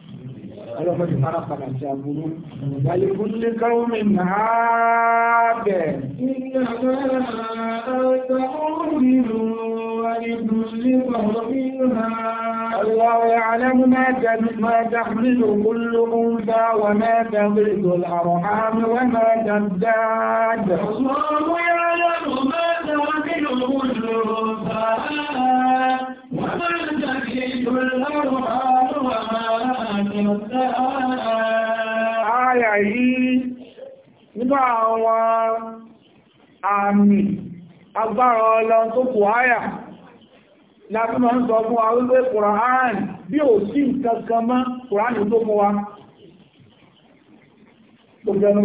ولكل قوم fara padà sí àbúrú wàlẹ̀ kúlé káwọ́mì máa الله يعلم ما تحمل كل أنثى وما تغرد الأرحام وما تزداد الله يعلم ما تحمل كل أنثى وما تغرد الأرحام Ààyà yìí nígbà àwọn àmì agbára agbara tó kò áyà láti máa ń sọ fún wa wípé bí ò sí mọ́ tó wa. Gbogbo ẹnu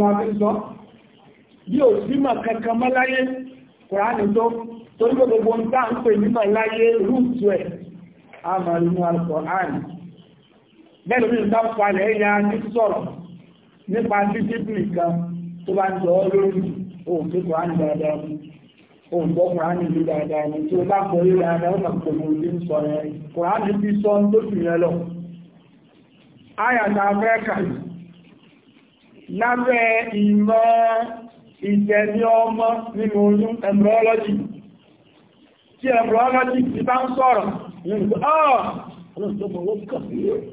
bí ò sí kankan mọ́ láyé tó torí gbogbo mẹ́lòmí ń bá palẹ̀ ẹ̀yà ní sọ̀rọ̀ nípa discipline kan tó bá jọ ọ́ lórí òòtú kò á ní dáadáa ní òòtú kò á ní ìlú dáadáa ní tí ó bá kọ orí dáadáa ó kàn pẹ̀lú orí ń sọ yẹn kò á ní bí sọ tó sì yẹn lọ. àyàtà amẹ́ríkà lábẹ́ ìmọ̀ ìtẹ̀lé ọmọ nínú oyún embryology tí embryology ti bá ń sọ̀rọ̀ ní ìgbà ọ́ ọlọ́run tó mọ̀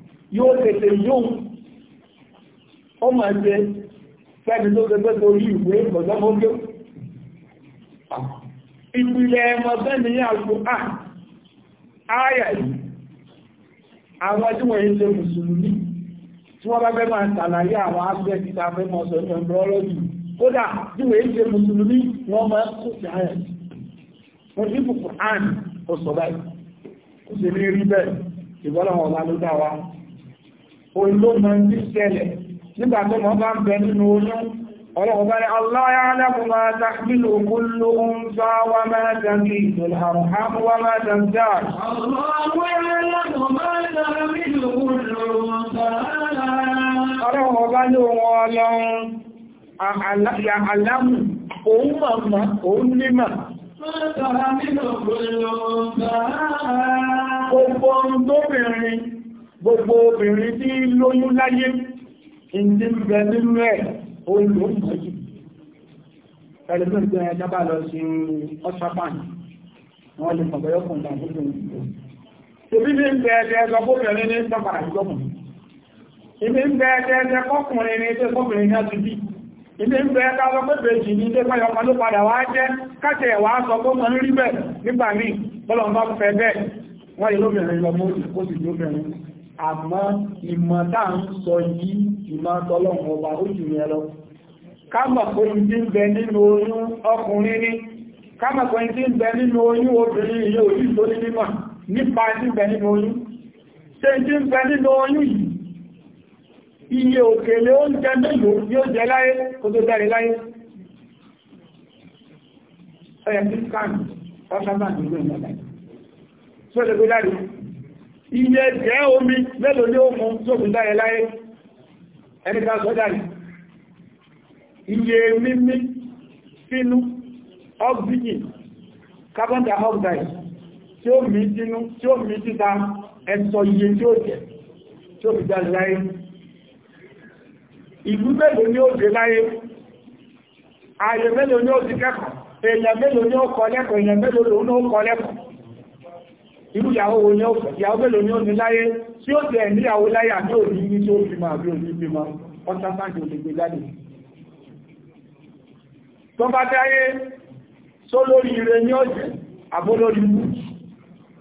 yóò tètè yóò ó ma jẹ fẹ́ni tó ebe tó rí ìwé ọ ìpìlẹ̀ ẹmọ̀gbẹ́ ni àgbò ààyà yìí àwọn tí wọ́n yìí ṣe mùsùlùmí tí wọ́n bá fẹ́ máa ṣàlàyé àwọn agbẹ́ títà fẹ́ mọ́ sọ ní ọmọlọ́jì kódà tí wọ́n yìí ṣe mùsùlùmí wọ́n máa kó sí ààyà wọ́n ní bùkù àn ó olómọ ní ṣẹlẹ̀ nígbà tó mọ́ bá ń bẹ nínú oyún ọlọ́wọ́ bá ní aláyá alábùnmá tàbílò kúlò ń bá wá máa dàbí ìdòlò àrùn àmú wá máa dàbí dáàrù. ọlọ́wọ́ bá gbogbo obìnrin tí lóyún láyé ìdí ń bẹ nínú ẹ̀ olùmọ̀ jù ẹlẹ́gbẹ̀rẹ̀ ẹjọba lọ sí ọ́sàpáàn wọ́n lè mọ̀gbẹ̀ yọ́kùn ìdàgbòrò ìbí ní bẹ̀ẹ̀dẹ̀ ẹgbẹ̀rẹ̀ ní sọ́pàá ìjọba ìbí ń bẹ̀ẹ̀dẹ̀ ẹgbẹ̀ kọkùnrin ní tó kọkùnrin ní ọdún bí ilé ń bẹ ká lọ pẹ́bẹ̀ jì ní ilé pẹ́yọ ọmọ ló padà wá jẹ́ káṣẹ̀ wá sọ tó mọ̀ rí bẹ̀ àmọ́ ìmọ̀ tá ń sọ yìí ìmọ̀ tọ́lọ́run ọba ó jù yẹn lọ kámọ̀ pé ìdí ń bẹ nínú oyún ọkùnrin ní kámọ̀ pé ìdí ń bẹ nínú oyún obìnrin ilé òjú tó ní mímọ̀ nípa ìdí ń bẹ nínú oyún ṣe ìdí ń bẹ nínú oyún yìí iye òkèlè oúnjẹ mélòó ni ó jẹ láyé kó tó jáde láyé ọ̀yẹ̀ tí ń kàn iye jẹ́ omi mélòó ní òkun tó fi dáyẹ láyé ẹnìká sọ́dárì iye mímí sínú oxygen carbon dioxide tí ó mí sínú tí ó mí síta ẹ̀sọ iye tí ó jẹ́ tí ó fi dáyẹ láyé ìlú mélòó ní òjè láyé ààyè mélòó ní òjì kẹ́kọ̀ọ́ èèyàn mélòó ní ó lẹ́kọ̀ọ́ èèyàn mélòó lòún ó kọ́ lẹ́kọ̀ọ́ irú ìyàwó wo ni ó fẹ́ ìyàwó mélòó ni ó ní láyé tí ó ti ẹ̀ níyàwó láyé àbí òní ní tí ó fi máa bí òní fi máa ọjọ́ sáàkì ò lè gbé jáde tó bá dáyé só lórí ire ní ọ̀jẹ̀ àbó lórí mú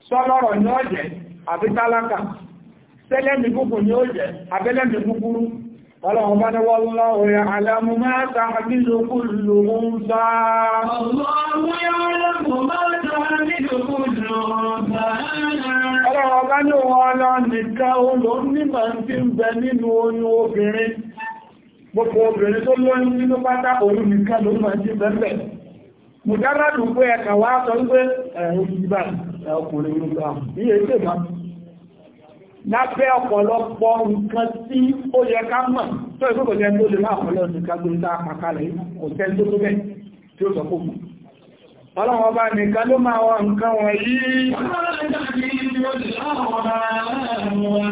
sọ́lọ́rọ̀ ní ọ̀jẹ̀ àbí tálákà sẹ́lẹ̀mì gúgùn ní ọ̀jẹ̀ abẹ́lẹ̀mì gúgúrú Ọlọ́run bá ní wọ́n lọ́wọ́ ya alámú máa Ọlọ́run yóò bá ní wọn ọlọ́ nìkan olò nímọ̀ tí ń bẹ nínú oyún obìnrin gbogbo obìnrin tó lóyún nínú pátá òun nìkan ló mọ̀ tí bẹ́ẹ̀ mùdárádù pé ẹ̀kà wá sọ wípé ẹ̀rùn ìgbà ọkùnrin ìgbà ní èdè máa lábẹ́ ọ̀pọ̀lọpọ̀ nǹkan tí ó yẹ ká mọ̀ tó ìgbókòlẹ́ tó lè máa pọ̀lọ́ nìkan gbé ọlọ́run ọba nìkan ló máa wọ nǹkan wọ̀nyí Bàbá tàbí ìzùl àrùn-ún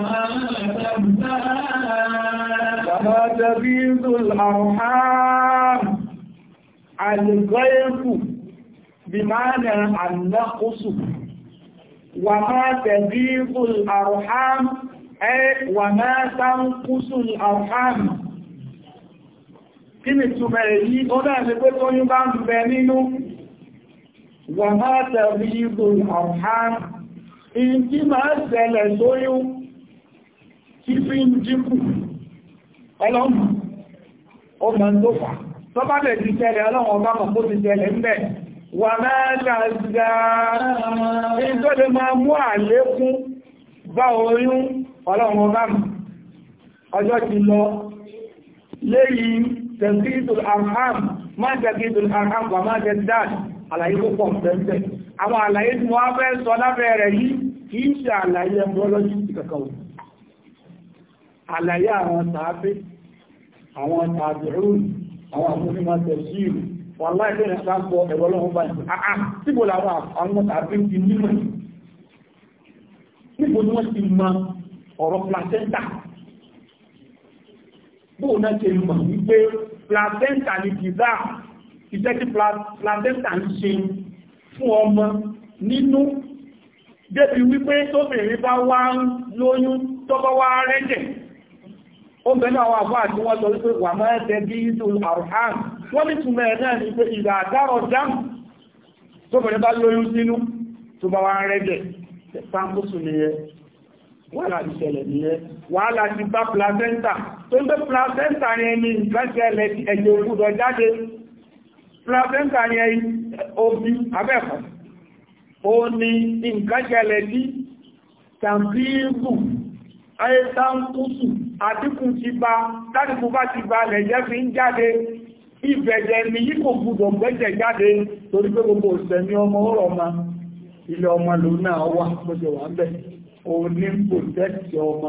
àlùgọ́ ẹ̀kù bí máa nà àlùkọ́sù wà máa tàbí ìzùl àrùn-ún ẹ wà máa tàbí àrùn-ún Kí ni túnmẹ̀ èyí, ó náà ni pé tó yí bá ń bẹ nínú wọ̀n máa tẹ̀rí ìgbò ọ̀hán in tí máa tẹ̀lẹ̀ lóyún tí fi ń dínkù ọlọ́mù ó mọ̀ tó fà tó bá bẹ̀ ti tẹ̀lẹ̀ ọlọ́run ọba mọ̀ kó ti tẹ̀lẹ̀ ń bẹ̀ wà máa dàgbà in tó lè máa mú àlékún bá ọjọ́ ti lọ lẹ́yìn tẹ̀kídùl arham máa tẹ̀kídùl arham wà máa dáadáa àlàyé púpọ̀ pẹ̀lẹ̀ àwọn àlàyé tí wọ́n fẹ́ sọ lábẹ́ rẹ̀ yìí kì í ṣe àlàyé ẹmọ́lọ́jì kankan àlàyé àwọn tààfẹ́ àwọn tààbìrún àwọn àmúnimọ̀ tẹ̀síìrù wọ́n láìpẹ́ ìrìnàṣàpọ̀ ẹ̀rọlọ́wọ́ báyìí àà síbò làwọn àwọn tààfẹ́ ti nímọ̀ níbo ni wọ́n ti mọ ọ̀rọ̀ iṣẹ́ tí placenta ń ṣe fún ọmọ nínú débi wípé tóbìnrin bá wá ń lóyún tọ́bọ́ wá rẹ́jẹ̀ ó bẹ̀rẹ̀ àwọn àbá àti wọ́n sọ wípé wà máa tẹ́ bí ìlú àrùhàn wọ́n ní túnmọ̀ ẹ̀ náà ní pé ìgbà àdárọ̀ dáàmù tóbìnrin bá lóyún sínú tó bá wá rẹ́jẹ̀ sáńkóṣù nìyẹn wàhálà ti ṣẹlẹ̀ nìyẹn wàhálà ti bá placenta tó ń bẹ́ placenta yẹn ní ìgbẹ́sẹ̀lẹ̀ ẹ̀jẹ̀ òkúdọ̀ jáde placenta yẹn obi abẹ́ẹ̀kọ́ ó ní nǹkan jẹlẹ̀ ní tàbíìbù ayétàǹkúsù àdínkù ti bá tàbíkù bá ti bá lẹ̀jẹ́ fi ń jáde ìbẹ̀jẹ̀ ni yí kò gbúdọ̀ gbẹ́jẹ̀ jáde torí pé gbogbo òṣìṣẹ́ ní ọmọ ọ̀rọ̀ ọmọ ilé ọmọ ló náà wà gbọ́jẹ̀ wà ń bẹ̀ òun ní pòtẹ́kì ọmọ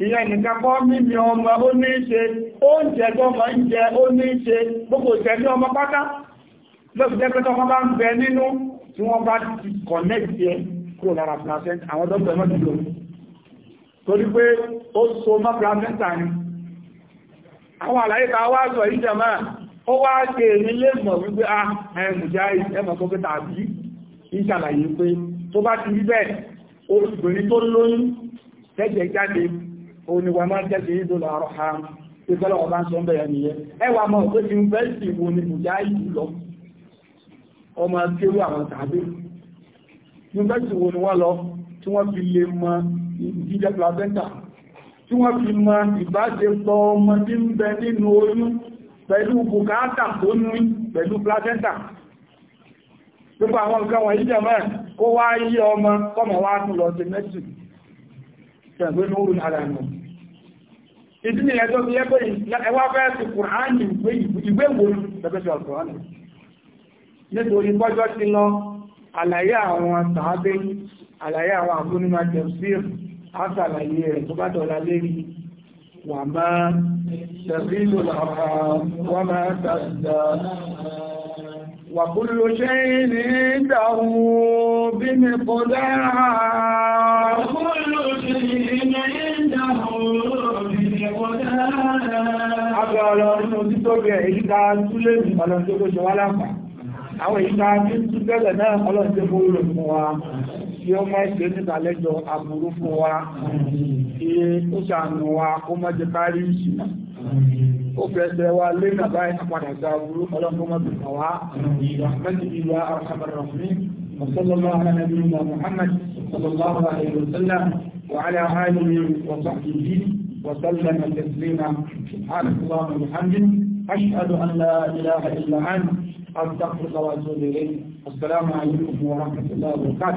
ìyẹn nìkan kọ́ mímí ọmọ ó ní ṣe oúnjẹ tó mọ̀ ń jẹ ó ní ṣe gbogbo ìṣẹ́lẹ̀ ọmọ pátá lọ́pù jẹ́ pẹ́tọ́ bá ń bẹ nínú tí wọ́n bá ti connect yẹ kúrò lára placenta àwọn dọ́gbẹ̀ so mọ́ placenta ni àwọn àlàyé ta wá sọ ìjẹ máa ó wá ṣe èmi ah, tó bá ti rí bẹ́ẹ̀ obìnrin tó lóyún tẹ́jẹ̀ jáde òun ni wà máa jẹ́ sí ìdó lọ́rọ̀ ha tí tọ́lọ̀ ọba ń sọ ń bẹ̀rẹ̀ nìyẹn ẹwà mọ̀ pé ti ń fẹ́ sí ìwò ni bùjá ìlú lọ ọmọ kéwú àwọn tàbí ní fẹ́ sí ìwò ni wọ́n lọ tí wọ́n fi lè mọ ìdíjẹ placenta tí wọ́n fi mọ ìbáṣepọ̀ ọmọ tí ń bẹ nínú oyún pẹ̀lú bùkátà tó ní pẹ̀lú placenta gbogbo àwọn nǹkan wọ̀nyí jẹ́ mẹ́rin kó wá yí ọmọ kọ́mọ̀ wá tún lọ sí mẹ́sìn tẹ̀gbé ara nù ìdí ni ẹjọ́ bí ẹgbẹ́ ẹwà fẹ́ ti kùránì ìwé wo lẹ́gbẹ́sọ̀ kùránì nítorí bọ́jọ́ ti lọ àlàyé àwọn tàbí àlàyé àwọn àbúnímọ̀ tẹ̀sír àtàlàyé rẹ̀ tó bá وكل شيء عنده بمقدار وكل شيء عنده بمقدار Àgbà ọlọ́run ojú tó bẹ̀ èyí ta túlé ní ọlọ́run tó kó ṣe wá lápá. Àwọn èyí tí tú bẹ̀rẹ̀ náà ọlọ́run tó kó ó fẹsẹ̀ wa lé nàbá iná padà sí àbúrú ọlọ́mọdún àwá mẹ́tì ìwà àkàbàràfí sallallahu ala nabiyyina Muhammad sallallahu alaihi wasallam wa ala alihi wa sahbihi wa sallam taslima subhanallahi wa bihamdihi ashhadu an la ilaha illa anta astaghfiruka wa atubu ilayk assalamu alaikum wa rahmatullahi wa barakatuh